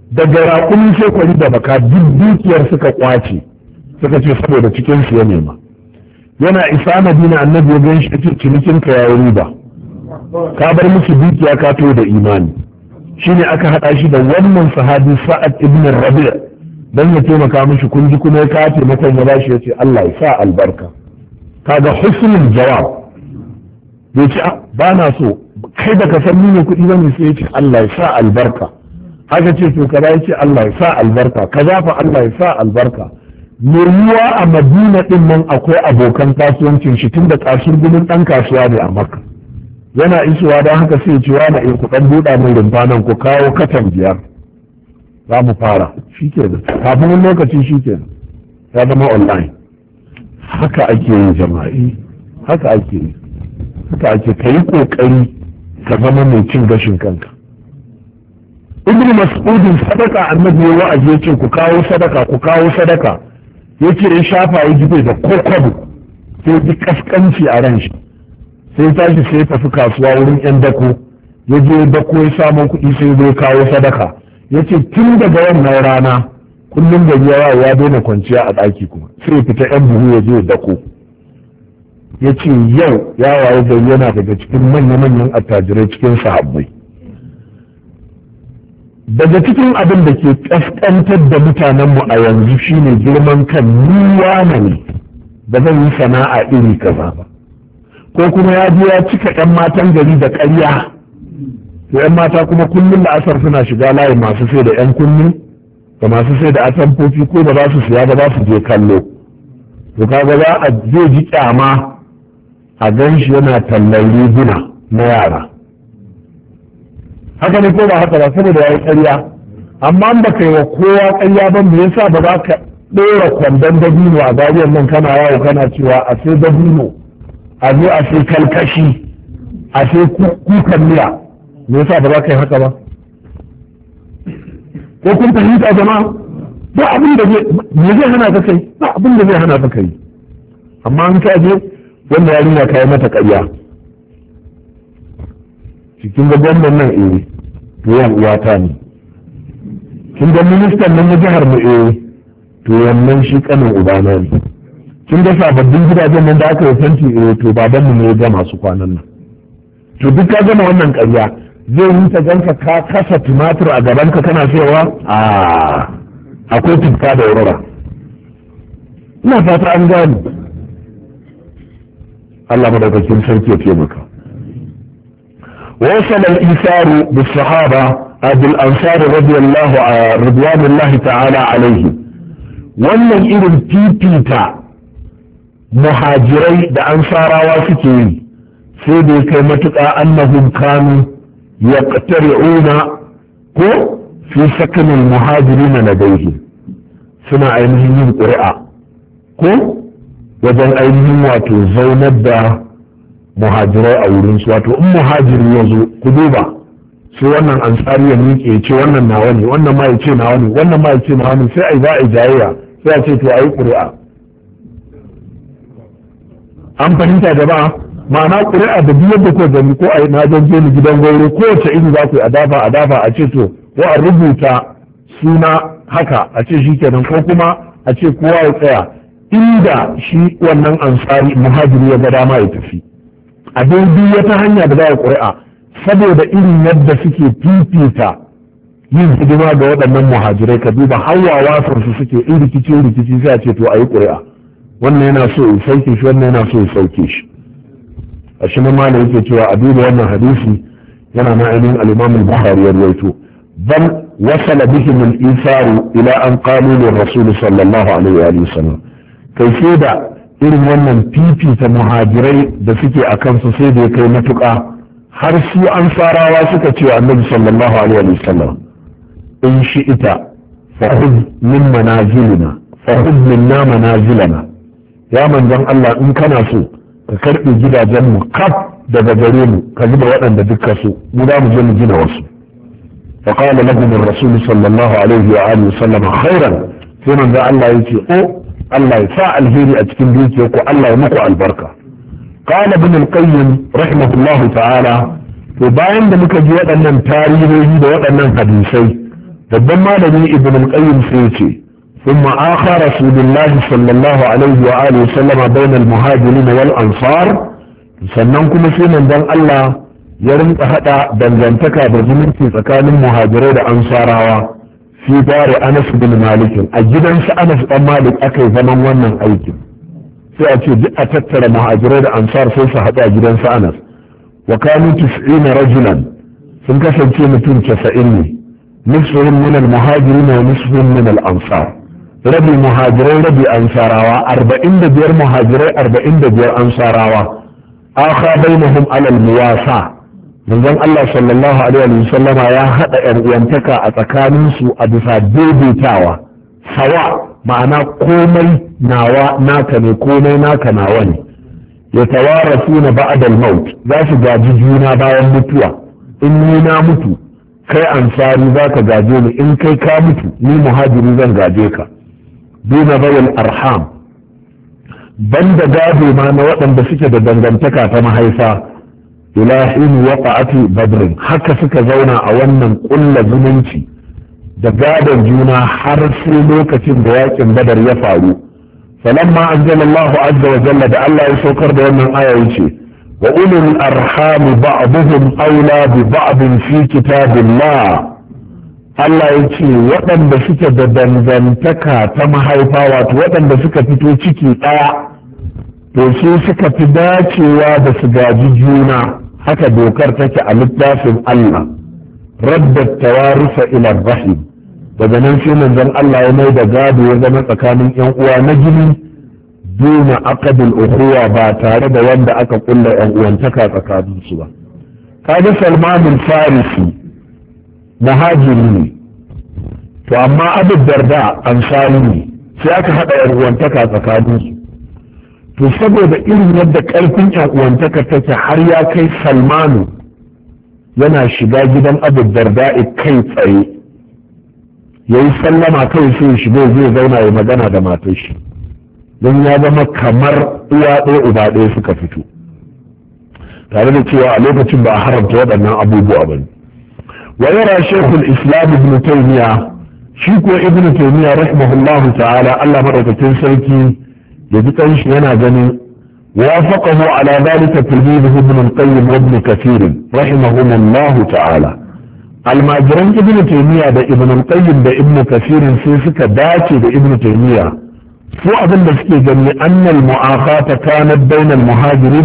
daga raƙumi sai kwari da baka duk dukiyar suka kwace suka ce saboda cikin su ya nema yana isa madina annabi ya gan shi ce cinikin ka yayi riba ka bar musu dukiya ka to da imani shine aka hada shi da wannan sahabi sa'ad ibn rabi' dan ya taimaka mishi kun ji kuma ya kafe matan ya bashi ya ce Allah ya sa albarka kaga husnul jawab ya ce ah, ba na so kai da ka san nuna kuɗi ba ne sai ya ce Allah ya sa albarka haka ce to kaza ya ce Allah ya sa albarka kaza fa Allah ya sa albarka yiwuwa a madina din nan akwai abokan kasuwancin shi tun da gudun ɗan kasuwa ne a makka yana isuwa da haka sai ya ce wa na ku ɗan buɗa min rumfa nan ku kawo katan biyar za mu fara shi ke da kafin lokaci shi ke ya zama online haka ake yin jama'i haka ake yi haka ake ka yi kokari ka zama mai cin gashin kanka ibn mas'udin sadaka annabi ya wa'azi yace ku kawo sadaka ku kawo sadaka yace ya shafa ya jibe da kokobu sai ji kaskanci a ran shi sai tashi sai tafi kasuwa wurin yan dako ya je dako ya samu kuɗi sai zo kawo sadaka yace tun daga wannan rana kullum gari ya ya daina kwanciya a ɗaki kuma sai fita yan buhu ya je dako ya ce yau ya waye gari yana daga cikin manya-manyan attajirai cikin sahabbai daga cikin abin da ke kaskantar da mutanenmu a yanzu shine girman kan niwa ne da zan yi sana'a iri kaza ba ko kuma ya je ya cika ɗan matan gari da ƙarya to 'yan mata kuma kullum la'asar suna shiga layi masu sai da 'yan kunni da masu sai da atamfofi ko ba za su siya ba za su je kallo to kaga za a zai ji kyama a gan shi yana tallan riguna na yara haka ne ko ba haka ba saboda ya yi ƙarya amma ba kai wa kowa ƙarya ba me yasa ba za ka ɗora kwandon dabino a gariyar nan kana yawo kana cewa a sai dabino a zo a sai kalkashi a sai kukan miya me yasa ba za ka yi haka ba ko kun fahimta jama'a ba abin da zai hana ka kai ba abin da zai hana ka kai amma an ka je wanda yarinya kai mata ƙarya cikin ga gwamnan nan eh to yan uwata ne kin ga ministan nan na jihar mu eh to wannan shi kanin ubana ne kin ga sababbin gidajen nan da aka yi fanti eh to baban mu ne ya gama su kwanan nan to duk ka gama wannan ƙarya zai yi ta ganka ka kasa tumatur a gabanka kana cewa a akwai tufka da aurora ina fata an gani Allah madaukakin sarki ya taimaka وصل الإيثار بالصحابة بالأنصار رضي الله رضوان الله تعالى عليهم wannan irin fifita muhajirai da ansarawa suke yi sai da ya kai matuƙa annahum kanu يقترعون ko في سكن المهاجرين لديهم suna ainihin yin ƙuri'a ko wajen ainihin wato zaunar da muhajirai a wurin su wato in muhajiri ya zo ku su wannan ansari ya ke ce wannan nawa ne wannan ma ya ce nawa ne wannan ma ya ce nawa ne sai a za a jayayya sai a ce to a yi ƙuri'a an fahimta da ba ma'ana ƙuri'a da biyar da kuka gani ko a na je ni gidan gauro kowace iri za ku yi adafa adafa a ce to ko a rubuta suna haka a ce shi kenan ko kuma a ce kowa ya tsaya inda shi wannan ansari muhajiri ya ga dama ya tafi a biyu wata hanya da za a ƙuri'a saboda irin yadda suke fifita yin hidima ga waɗannan muhajirai ka duba hawawa su suke in rikici rikici sai a ce to a yi ƙuri'a wannan yana so ya sauke shi wannan yana so ya sauke shi a shi ma da yake cewa a duba wannan hadisi yana na ainihin al-imam al-bukhari ya rawaito wasala bihim al-isaru ila an qalu li rasul sallallahu alaihi wa sallam kai sai da irin wannan fifita muhajirai da suke a kansu sai da ya kai matuƙa har su an farawa suka ce annabi sallallahu alaihi wa sallam in shi ita fahud min manazilina fahud minna manazilana ya manzon Allah in kana so ka karɓe mu kaf daga gare mu ka zuba waɗanda dukkan su mu za mu je mu gina wasu fa qala lahum ar-rasul sallallahu alaihi wa alihi wasallam khairan sai manzo Allah yace o oh, Allah ya sa alheri a cikin dukiyar ku Allah ya muku albarka qala ibn al-qayyim rahimahullahu ta'ala to bayan da muka ji waɗannan tarihohi da waɗannan hadisai babban malami ibn al-qayyim sai ce. ثم آخى رسول الله صلى الله عليه وآله وسلم بين المهاجرين والأنصار سننكم سينا دان الله يرم أحدا دنزنتكا بزمن في سكان المهاجرين أنصارا في دار أنس بن مالك أجدا أنس بن مالك أكي زمن ونن أيكم سيأتي جئة تتر مهاجرين أنصار سيسا حتى أجدا أنس وكانوا تسعين رجلا سنكسب في متون تسعيني نصفهم من المهاجرين ونصفهم من الأنصار rabi muhajirai rabi ansarawa arba'in da biyar muhajirai arba'in da biyar ansarawa bai bainahum alal muwasa manzon Allah sallallahu alaihi wa sallama ya haɗa yan uwantaka a tsakanin su a bisa daidaitawa sawa ma'ana komai nawa naka ne komai naka nawa ne ya su na ba'adal maut za su gaji juna bayan mutuwa in ni na mutu kai ansari za ka gaje ni in kai ka mutu ni muhajiri zan gaje ka duna bayan arham banda gado ma na waɗanda suke da dangantaka ta mahaifa ila in badrin haka suka zauna a wannan ƙulla zumunci da gadon juna har sai lokacin da yakin badar ya faru falamma anzalallahu azza wa jalla da Allah ya saukar da wannan aya ce wa ulul arham ba'dhum aula bi ba'd fi kitabillah Allah ya ce waɗanda suke da dangantaka ta mahaifa wato waɗanda suka fito ciki ɗaya to su suka fi dacewa da su gaji juna haka dokar take a littafin Allah raddat ilar ila rahim daga nan sai manzon Allah ya mai da gado ya zama tsakanin yan uwa na jini duna aqdul ukhuwa ba tare da wanda aka kulla yan uwantaka tsakanin su ba kaga Salman farisi muhajiri ne to amma abin darda ansari ne sai aka haɗa yarwantaka tsakaninsu to saboda irin yadda ƙarfin yarwantaka take har ya kai salmanu yana shiga gidan abu darda kai tsaye ya yi sallama kawai sai shiga zai zauna ya magana da matar shi don ya zama kamar uwa ɗaya uba ɗaya suka fito tare da cewa a lokacin ba a haramta waɗannan abubuwa ba ne wa yara shekul islam ibn taymiya shi ko ibn taymiya rahimahullah ta'ala Allah madaukakin sarki ya ji kanshi yana ganin وافقه على ذلك تلميذه ابن القيم وابن كثير رحمهم الله تعالى almajiran ibn taymiya da ibn qayyim da ibn kasirin sai suka dace da ibn taymiya su abin da suke gani annal mu'akhata kanat bainal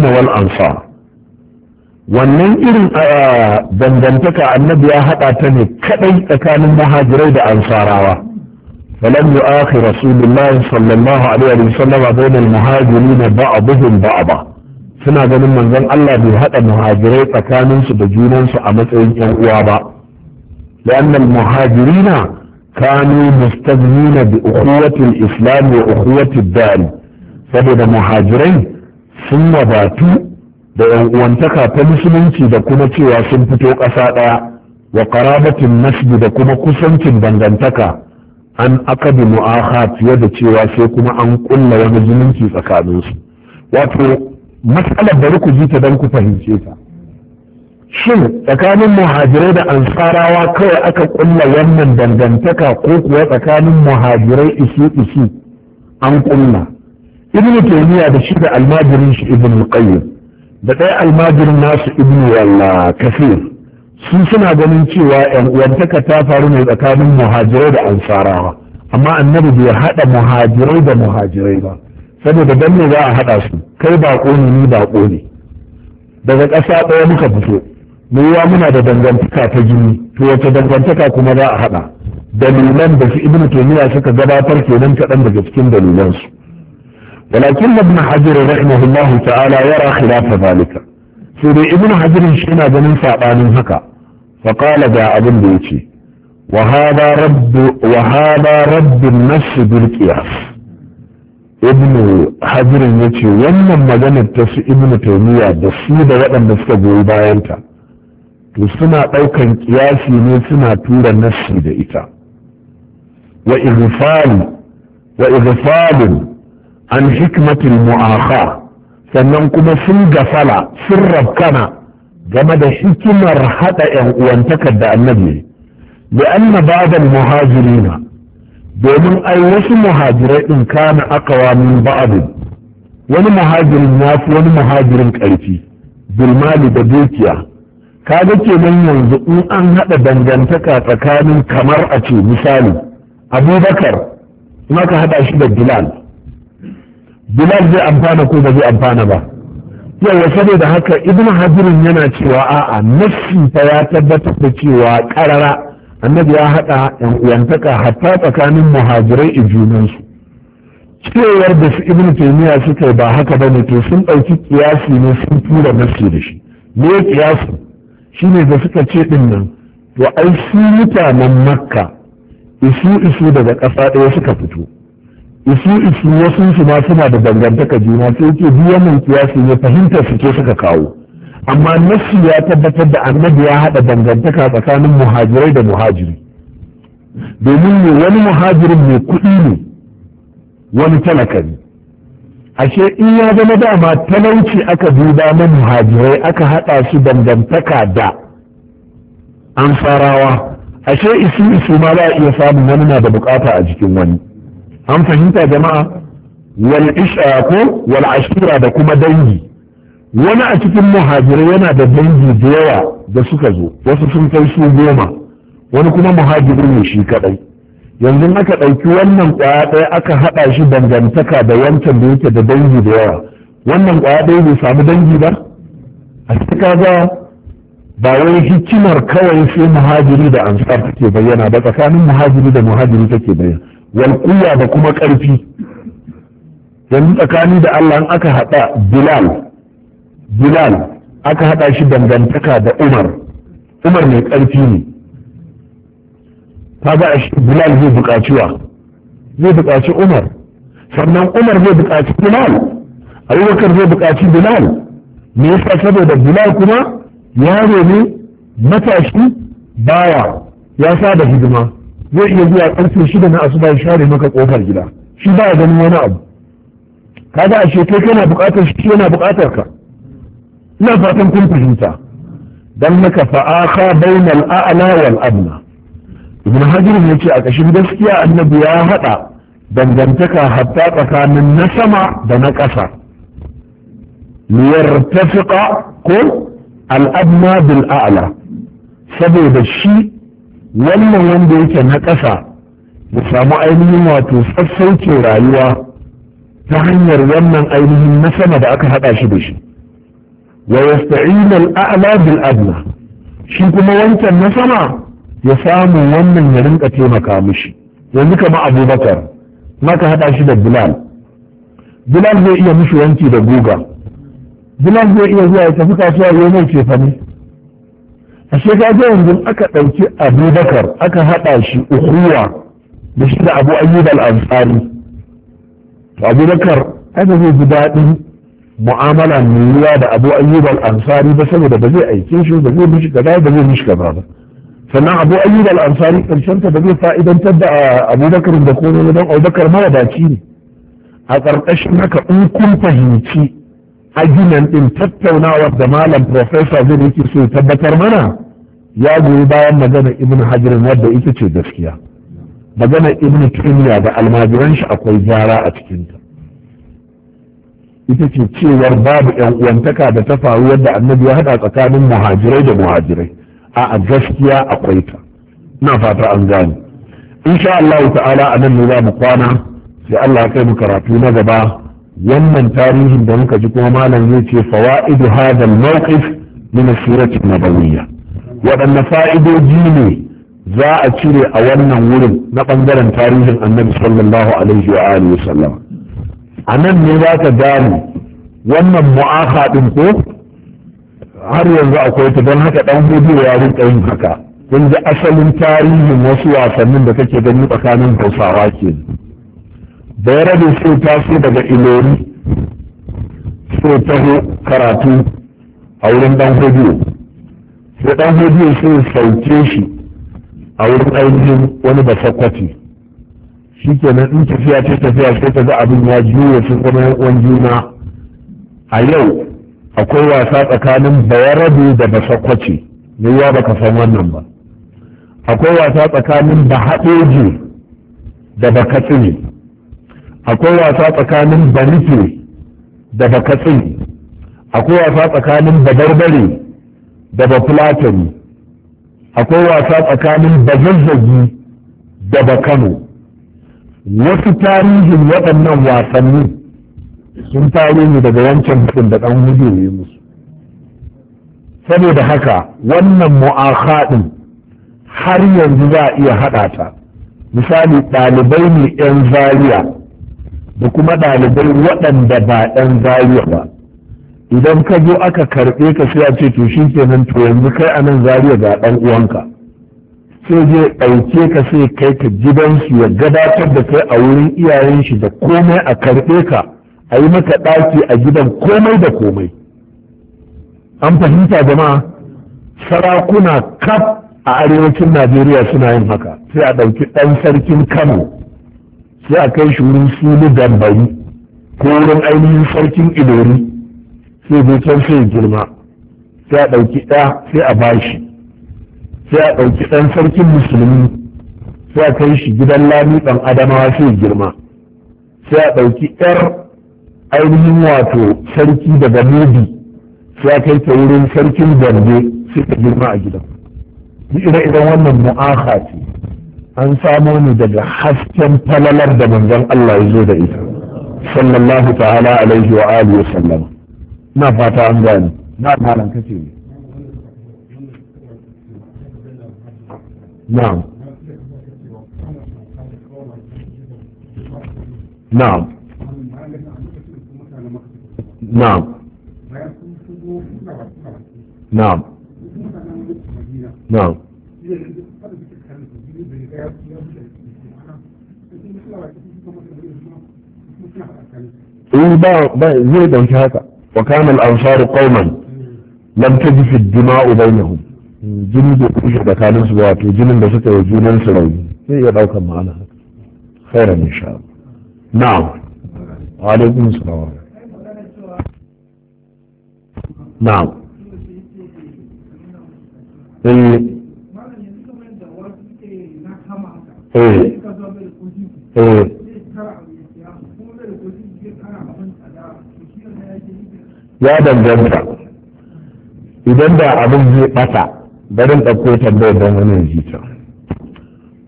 na wal ansar wannan irin dangantaka annabi ya haɗa ta ne kaɗai tsakanin muhajirai da ansarawa فلم يؤاخي رسول الله صلى الله عليه وسلم بين المهاجرين بعضهم بعضا suna ganin manzon Allah bai hada muhajirai tsakanin su da junan su a matsayin ‘yan uwa ba, la'annan muhajirina kanu mustaznina bi ukhuwatil islam wa ukhuwatid dari saboda muhajirai sun wadatu da yan uwantaka ta musulunci da kuma cewa sun fito ƙasa ɗaya wa qarabatin nasbi da kuma kusancin dangantaka an akadu mu'aha fiye da cewa sai kuma an kulla wani zumunci tsakaninsu wato matsalar bari ku ji ta don ku fahimce ta shin tsakanin muhajirai da ansarawa kawai aka kulla wannan dangantaka ko kuwa tsakanin muhajirai isu isu an ƙulla? ibnu taymiya da shi da almajirin shi ibnu qayyim da ɗaya almajirin nasu ibnu walla kafir su suna ganin cewa yan uwantaka ta faru ne tsakanin muhajirai da ansarawa amma annabi bai haɗa muhajirai da muhajirai ba saboda dan ne za a haɗa su kai baƙo ne ni baƙo ne daga ƙasa ɗaya muka fito yiwuwa muna da dangantaka ta jini to wace dangantaka kuma za a haɗa dalilan da su ibnu taymiya suka gabatar kenan kaɗan daga cikin dalilansu ولكن ابن حجر رحمه الله تعالى يرى خلاف ذلك سوري ابن حجر شنا بن سعبان هكا فقال دا ابن بيتي وهذا رد وهذا رد النفس بالقياس ibnu hajirin ya ce wannan maganar ta su ibnu taimiyya da su da waɗanda suka goyi bayanta to suna ɗaukan kiyasi ne suna tura nassi da ita wa an hikmatul mu'akha sannan kuma sun gafala sun rabkana game da hikimar haɗa ‘yan uwantakar da annabi da na ba'dan muhajirina domin ai wasu muhajirai ɗin kana akawa min ba'adin wani muhajirin ya fi wani muhajirin ƙarfi bilmali da dukiya kaga kenan yanzu in an haɗa dangantaka tsakanin kamar a ce misali abubakar in aka haɗa shi da bilal bilal zai amfana ko ba zai amfana ba yawa saboda haka ibn hajirin yana cewa a'a nassi fa ya tabbatar da cewa karara annabi ya haɗa uwantaka hatta tsakanin muhajirai i junansu cewar da su ibn taymiya suka ba haka bane to sun ɗauki kiyasi ne sun tura nassi da shi me kiyasi shine da suka ce din nan to ai su mutanen makka isu isu daga ƙasa ɗaya suka fito isu isu wasu su ma suna da dangantaka juna sai ke biyan mun kiyasi ne fahimtar su ke suka kawo amma nassi ya tabbatar da annabi ya haɗa dangantaka tsakanin muhajirai da muhajiri domin ne wani muhajirin mai kuɗi ne wani talaka ne ashe in ya zama dama talauci aka duba na muhajirai aka haɗa su dangantaka da ansarawa ashe isu isu ma za a iya samun wani na da bukata a jikin wani an fahimta jama'a wal ko wal ashira da kuma dangi wani a cikin muhajirai yana da dangi da yawa da suka zo wasu sun kai su goma wani kuma muhajirin ne shi kadai yanzu aka ɗauki wannan kwaya ɗaya aka haɗa shi dangantaka da wancan da yake da dangi da yawa wannan kwaya ɗaya bai samu dangi ba a cikin kaga ba wai hikimar kawai sai muhajiri da ansar take bayyana ba tsakanin muhajiri da muhajiri take bayyana walƙuwa da kuma ƙarfi yanzu tsakani da Allah in aka haɗa Bilal Bilal aka haɗa shi dangantaka da Umar Umar mai ƙarfi ne ta ga Bilal zai buƙaci zai buƙaci Umar sannan Umar zai buƙaci Bilal Abubakar zai buƙaci Bilal me yasa saboda Bilal kuma yaro ne matashi baya ya sa da hidima zai iya zuwa karfe shida na asuba ya share maka kofar gida shi ba ya ganin wani abu kaga ashe kai kana bukatar shi yana bukatar ka ina fatan kun fahimta dan maka fa'aka bainal a'la wal adna ibn hajar ne ce a kashin gaskiya annabi ya hada dangantaka hatta tsakanin na sama da na ƙasa liyartafiqa ko al'adna bil a'la saboda shi wannan wanda yake na ƙasa ya samu ainihin wato sassauce rayuwa ta hanyar wannan ainihin na sama da aka haɗa shi da shi wa yasta'in al'a'la bil adna shi kuma wancan na sama ya samu wannan ya rinka taimaka mishi yanzu kama abubakar maka haɗa shi da bilal bilal zai iya mishi wanki da guga bilal zai iya zuwa ya tafi kasuwa ya mai cefane a shekaru yanzu aka ɗauki abubakar aka haɗa shi ukuwa da shi da abu ayyub al-ansari abubakar aka zai ji daɗin mu'amala mai yiwa da abu ayyub al-ansari ba saboda ba zai aike shi ba zai mishi kaza ba zai mishi kaza ba sannan abu ayyub al-ansari karshen ta ba zai fa'idantar da ah, abubakar da komai don abubakar mawadaci ne a ƙarƙashin haka in kun fahimci aginan din tattaunawar da malam profesa zai yake so tabbatar mana ya goyi bayan magana ibn hajirin wadda ita ce gaskiya magana ibn taymiya da almajiran shi akwai gyara a cikinta ita ce cewar babu yan uwantaka da ta faru yadda annabi ya hada tsakanin muhajirai da muhajirai a gaskiya akwai ta na fata an gane insha Allah ta'ala a nan ne za mu kwana sai Allah ya kai mu karatu na gaba wannan tarihin da muka ji kuma malam zai ce fawaidu hadal mawqif min sirati nabawiyya waɗanne fa'idoji ne za a cire a wannan wurin na ɓangaren tarihin annabi sallallahu alaihi wa alihi wa sallam a nan ne za ka gano wannan mu'aka ɗin ko har yanzu akwai ta don haka ɗan hudu ya rinka yin haka kun ji asalin tarihin wasu wasannin da kake gani tsakanin hausawa ke ya bayarabe sai taso daga ilori sai taho karatu a wurin dan hodiyo sai dan hodiyo sun sauke shi a wurin ainihin wani sakwati shi kenan in tafiya ce tafiya sai ta ga abin ya juya sun zama yan juna a yau akwai wasa tsakanin bayarabe da basakwaci ne ya baka san wannan ba akwai wasa tsakanin bahaɗeji da ba bakatsini akwai wasa tsakanin banike da bakatsin akwai wasa tsakanin babarbare da bafulatani akwai wasa tsakanin bazazzagi da bakano wasu tarihin waɗannan wasanni sun tare ne daga wancan hudun da ɗan hudu ya musu saboda haka wannan mu'akhaɗin har yanzu za a iya haɗa ta misali ɗalibai ne 'yan zaria da kuma ɗalibai waɗanda ba ɗan zariya ba idan ka zo aka karɓe ka sai a ce to shi kenan to yanzu kai a nan zariya ga ɗan uwanka sai je ɗauke ka sai kai ka gidansu ya gabatar da kai a wurin iyayen shi da komai a karɓe ka a yi maka ɗaki a gidan komai da komai an fahimta jama'a sarakuna kaf a arewacin najeriya suna yin haka sai a ɗauki ɗan sarkin kano sai a kai shi wurin sulu gambari ko wurin ainihin sarkin idori sai zai can sai girma sai a ɗauki ɗa sai a bashi sai a ɗauki ɗan sarkin musulmi sai a kai shi gidan lami ɗan adamawa sai girma sai a ɗauki ƴar ainihin wato sarki daga nodi sai a kai ta wurin sarkin gombe sai ta girma a gidan idan idan wannan mu'aha ce an samo ni daga hasken falalar da manzon Allah ya zo da ita sallallahu ta'ala alaihi wa alihi wasallam na fata an gane na malam kace ne na'am na'am na'am na'am na'am زي ده وكان الأنصار قوما لم تجف الدماء بينهم جند وكوشة كان سبوات وجند بسكة وجنان سبوات هي دوكا معنا خيرا إن شاء الله نعم عليكم السلام نعم ايه ايه ya danganta idan da abin zai ɓata barin ɗauko tambayar don wani jita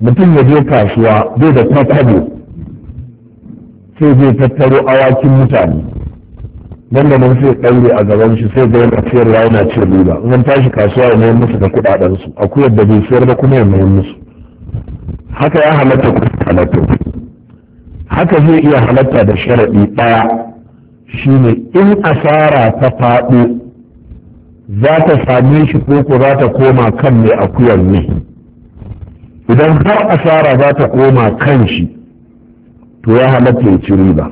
mutum ya je kasuwa bai da tabo sai zai tattaro awakin mutane nan da nan sai ɗaure a gaban shi sai ga yana da yana ce riba in tashi kasuwa ya mayar musu da kuɗaɗen su akuyar da bai sayar da kuma ya mayar musu haka ya halatta kuma halatta haka zai iya halatta da sharaɗi ɗaya ne in asara ta faɗo za ta same shi ko za ta koma kan mai akuyar ne idan har asara za ta koma kan shi to ya halatta ya ci riba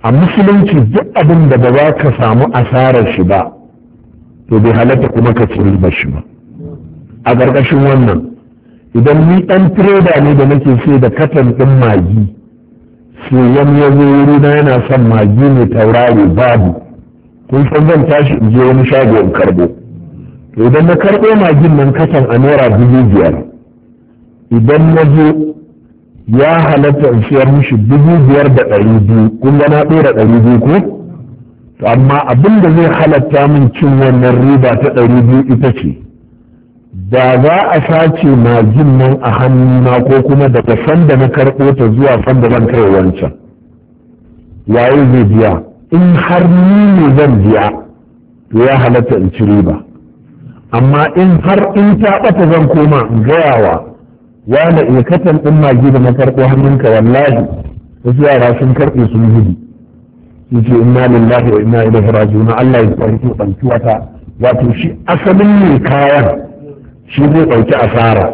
a musulunci duk abin da ba za ka samu asarar shi ba to bai halatta kuma ka ci riba shi ba a ƙarƙashin wannan idan ni ɗan tireda ne da nake sai da katan ɗin magi to wani ya zo wuri na yana son magi mai taurari babu kun san zan tashi in je wani shago in karbo to idan na karbo magin nan kasan a naira dubu biyar idan na zo ya halatta in siyar mishi dubu biyar da ɗari biyu kun gana ɗora ɗari biyu ko to amma abin da zai halatta min cin wannan riba ta ɗari biyu ita ce da za a sace majin nan a hannuna ko kuma daga sanda na karɓo ta zuwa sanda zan kai wancan waye zai biya in har ni ne zan biya to ya halatta in ci riba amma in har in ta ɓata zan koma in gayawa ya na eh, iya katan ɗin magi da na karɓo hannunka wallahi wasu yara sun karɓe sun gudu yace inna lillahi wa inna ilaihi raji'un Allah ya tsare ki wata wato shi asalin ne kayan shi zai ɗauki asara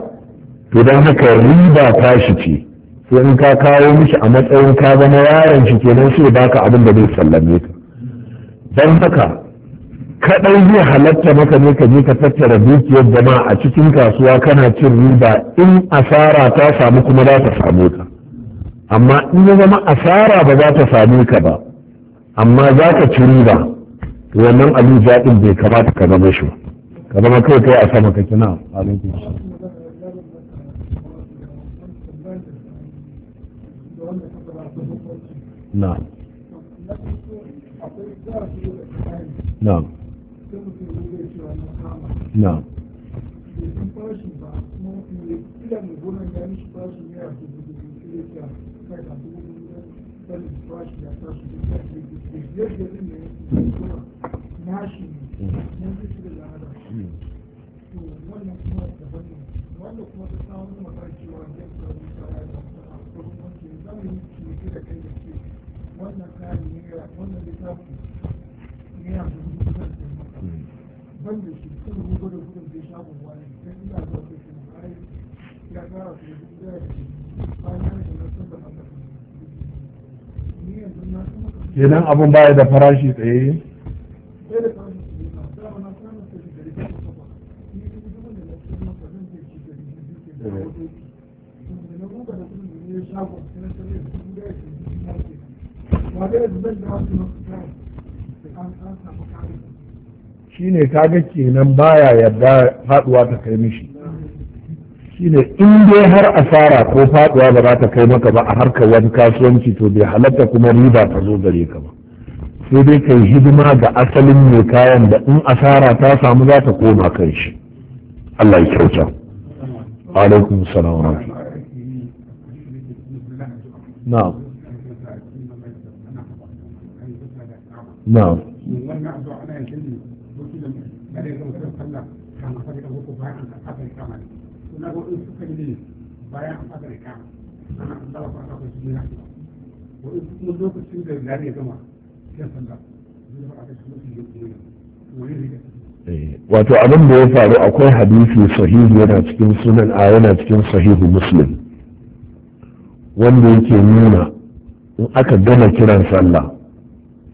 to don haka riba shi ce sai in ka kawo mishi a matsayin ka zama yaron shi kenan sai baka abin da zai sallame ka don haka kaɗai zai halatta maka ne ka je ka tattara dukiyar jama'a a cikin kasuwa kana cin riba in asara ta samu kuma za ta samu ka amma in ya zama asara ba za ta same ka ba amma za ka ci riba wannan abin zaɗin bai kamata ka zama shi ba ka zama kai kai a sama kake na alaikum Na. Na. Na. Na. ban da shi sun yi gudun shagon wani ta ina zuwa shi abun baya da farashi tsaye Shi ne ta ga kenan baya yarda faduwa ta kai mishi shine in dai har asara ko faduwa ba za ta kai maka ba a harka wani kasuwanci to bai halatta kuma riba ta zo gare ka ba sai dai kai hidima ga asalin mai kayan da in asara ta samu za ta koma kan shi Allah ya kyauta alaikum salam na'am na'am bayan an azar kama ana Allah ba ka su ne ko mun lokacin da gari ya gama sai sallah zai ba ka su ne ne wani ne wato abin da ya faru akwai hadisi sahihu yana cikin sunan a yana cikin sahihu muslim wanda yake nuna in aka gama kiran sallah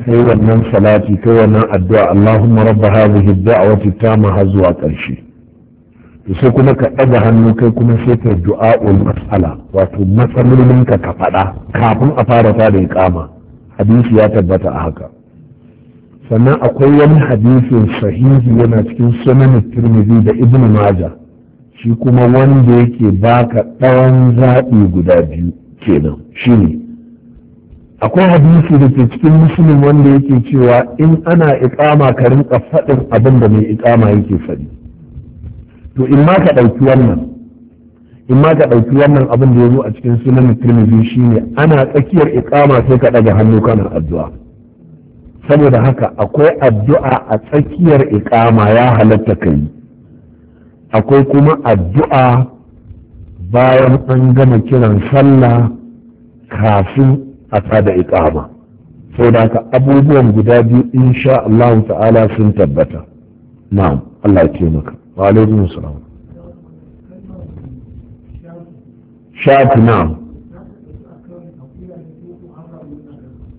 kai wannan salati kai wannan addu'a Allahumma rabba hadhihi ad-da'wati tamma har zuwa ƙarshe sai kuma ka ɗaga hannu kai kuma sai ka ul mas'ala wato matsalolin ka ka faɗa kafin a fara fara iƙama hadisi ya tabbata a haka sannan akwai wani hadisin sahihi yana cikin sunan tirmidhi da ibn majah shi kuma wanda yake baka ɗawan zaɓi guda biyu kenan shine akwai hadisi da ke cikin musulun wanda yake cewa in ana iƙama ka rinka faɗin abin da mai iƙama yake faɗi to in ma ka ɗauki wannan in ma ka ɗauki wannan abin da ya zo a cikin sunan tirmidhi shine ana tsakiyar iqama sai ka ɗaga hannu kana addu'a saboda haka akwai addu'a a tsakiyar iqama ya halatta kai akwai kuma addu'a bayan an gama kiran sallah kafin a tsada iqama saboda haka abubuwan guda biyu insha Allah ta'ala sun tabbata na'am Allah ya taimaka wa alaikum salam shafi na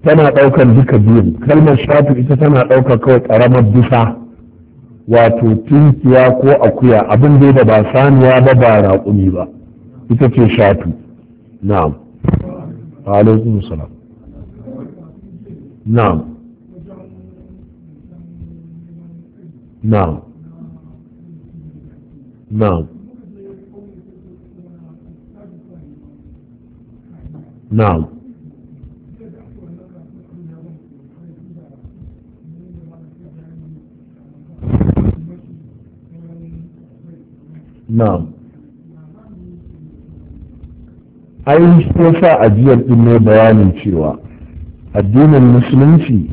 tana ɗaukar duka biyun kalmar shafi ita tana ɗaukar kawai ƙaramar bisa wato tunkiya ko akuya abin dai ba saniya ba ba raƙumi ba ita ce shafi na'am alaikum salam na'am na'am na'am na'am na'am ai ya sa ajiyar ɗin ne bayanin cewa addinin musulunci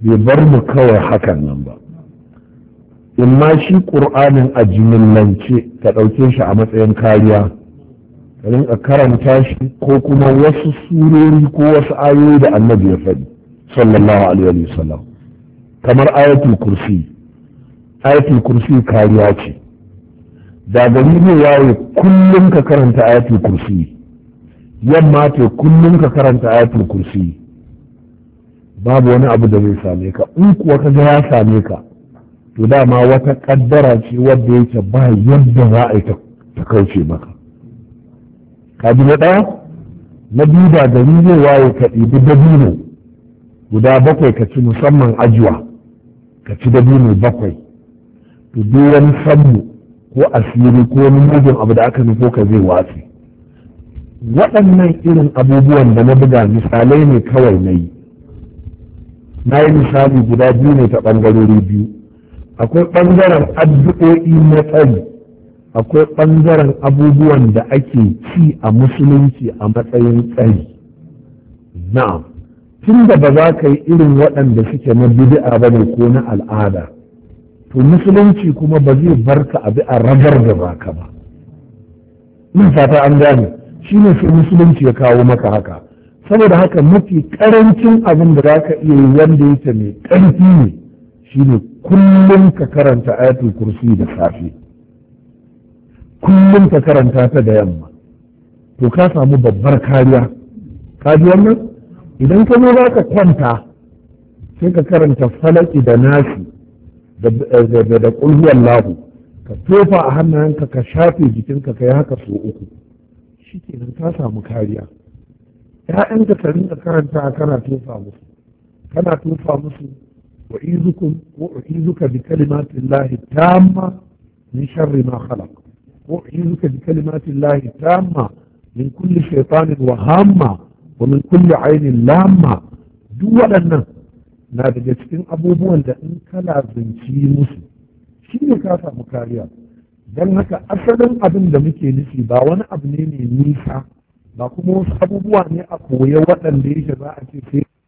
bai bar mu kawai hakan nan ba in ma shi ƙur'anin a jimillance ka ɗauke shi a matsayin kariya ka rinka karanta shi ko kuma wasu surori ko wasu ayoyi da annabi ya faɗi sallallahu alaihi wa sallam kamar ayatul kursi ayatul kursi kariya ce da gari ne waye kullum ka karanta ayatul kursi yamma ce kullum ka karanta ayatul kursi babu wani abu da zai same ka in kuwa ka ga ya same ka to dama wata kaddara ce wadda yake ba yadda za a yi ta kauce maka kaji na ɗaya na biyu da gari zai waye ka ɗibi dabino guda bakwai ka ci musamman ajiwa ka ci dabino bakwai to duk wani sammu ko asiri ko wani mugun abu da aka nufo ka zai watsi waɗannan irin abubuwan da na buga misalai ne kawai na yi na yi misali guda biyu ne ta ɓangarori biyu akwai ɓangaren addu'o'i na tsari akwai ɓangaren abubuwan da ake ci a musulunci a matsayin tsari na'am tun da ba za ka yi irin waɗanda suke na bid'a ba ne ko na al'ada to musulunci kuma ba zai bar ka abi a ragar da ba ka ba ina fata an gane shi ne sai musulunci ya kawo maka haka saboda haka mafi karancin abin da za ka iya yi wanda yake mai ƙarfi ne shine kullum ka karanta ayatul kursi da safe kullum ka karanta ta da yamma to ka samu babbar kariya ka ji wannan idan ka zo za ka kwanta sai ka karanta falaki da nasi da kulhuwan lahu ka tofa a hannayenka ka shafe jikinka ka yi haka so uku shi kenan ka samu kariya ‘ya'yanka ka rinka karanta kana tofa musu kana tofa musu wa izukum wa uizuka bi kalimati llahi tamma min sharri ma khalaq wa uizuka bi kalimati llahi tamma min kulli shaytanin wa hamma wa kulli ainin lamma duk waɗannan na daga cikin abubuwan da in kala zunci musu shi ne ka samu kariya don haka asalin abin da muke nufi ba wani abu ne mai nisa ba kuma wasu abubuwa ne a koya waɗanda yake za a ce sai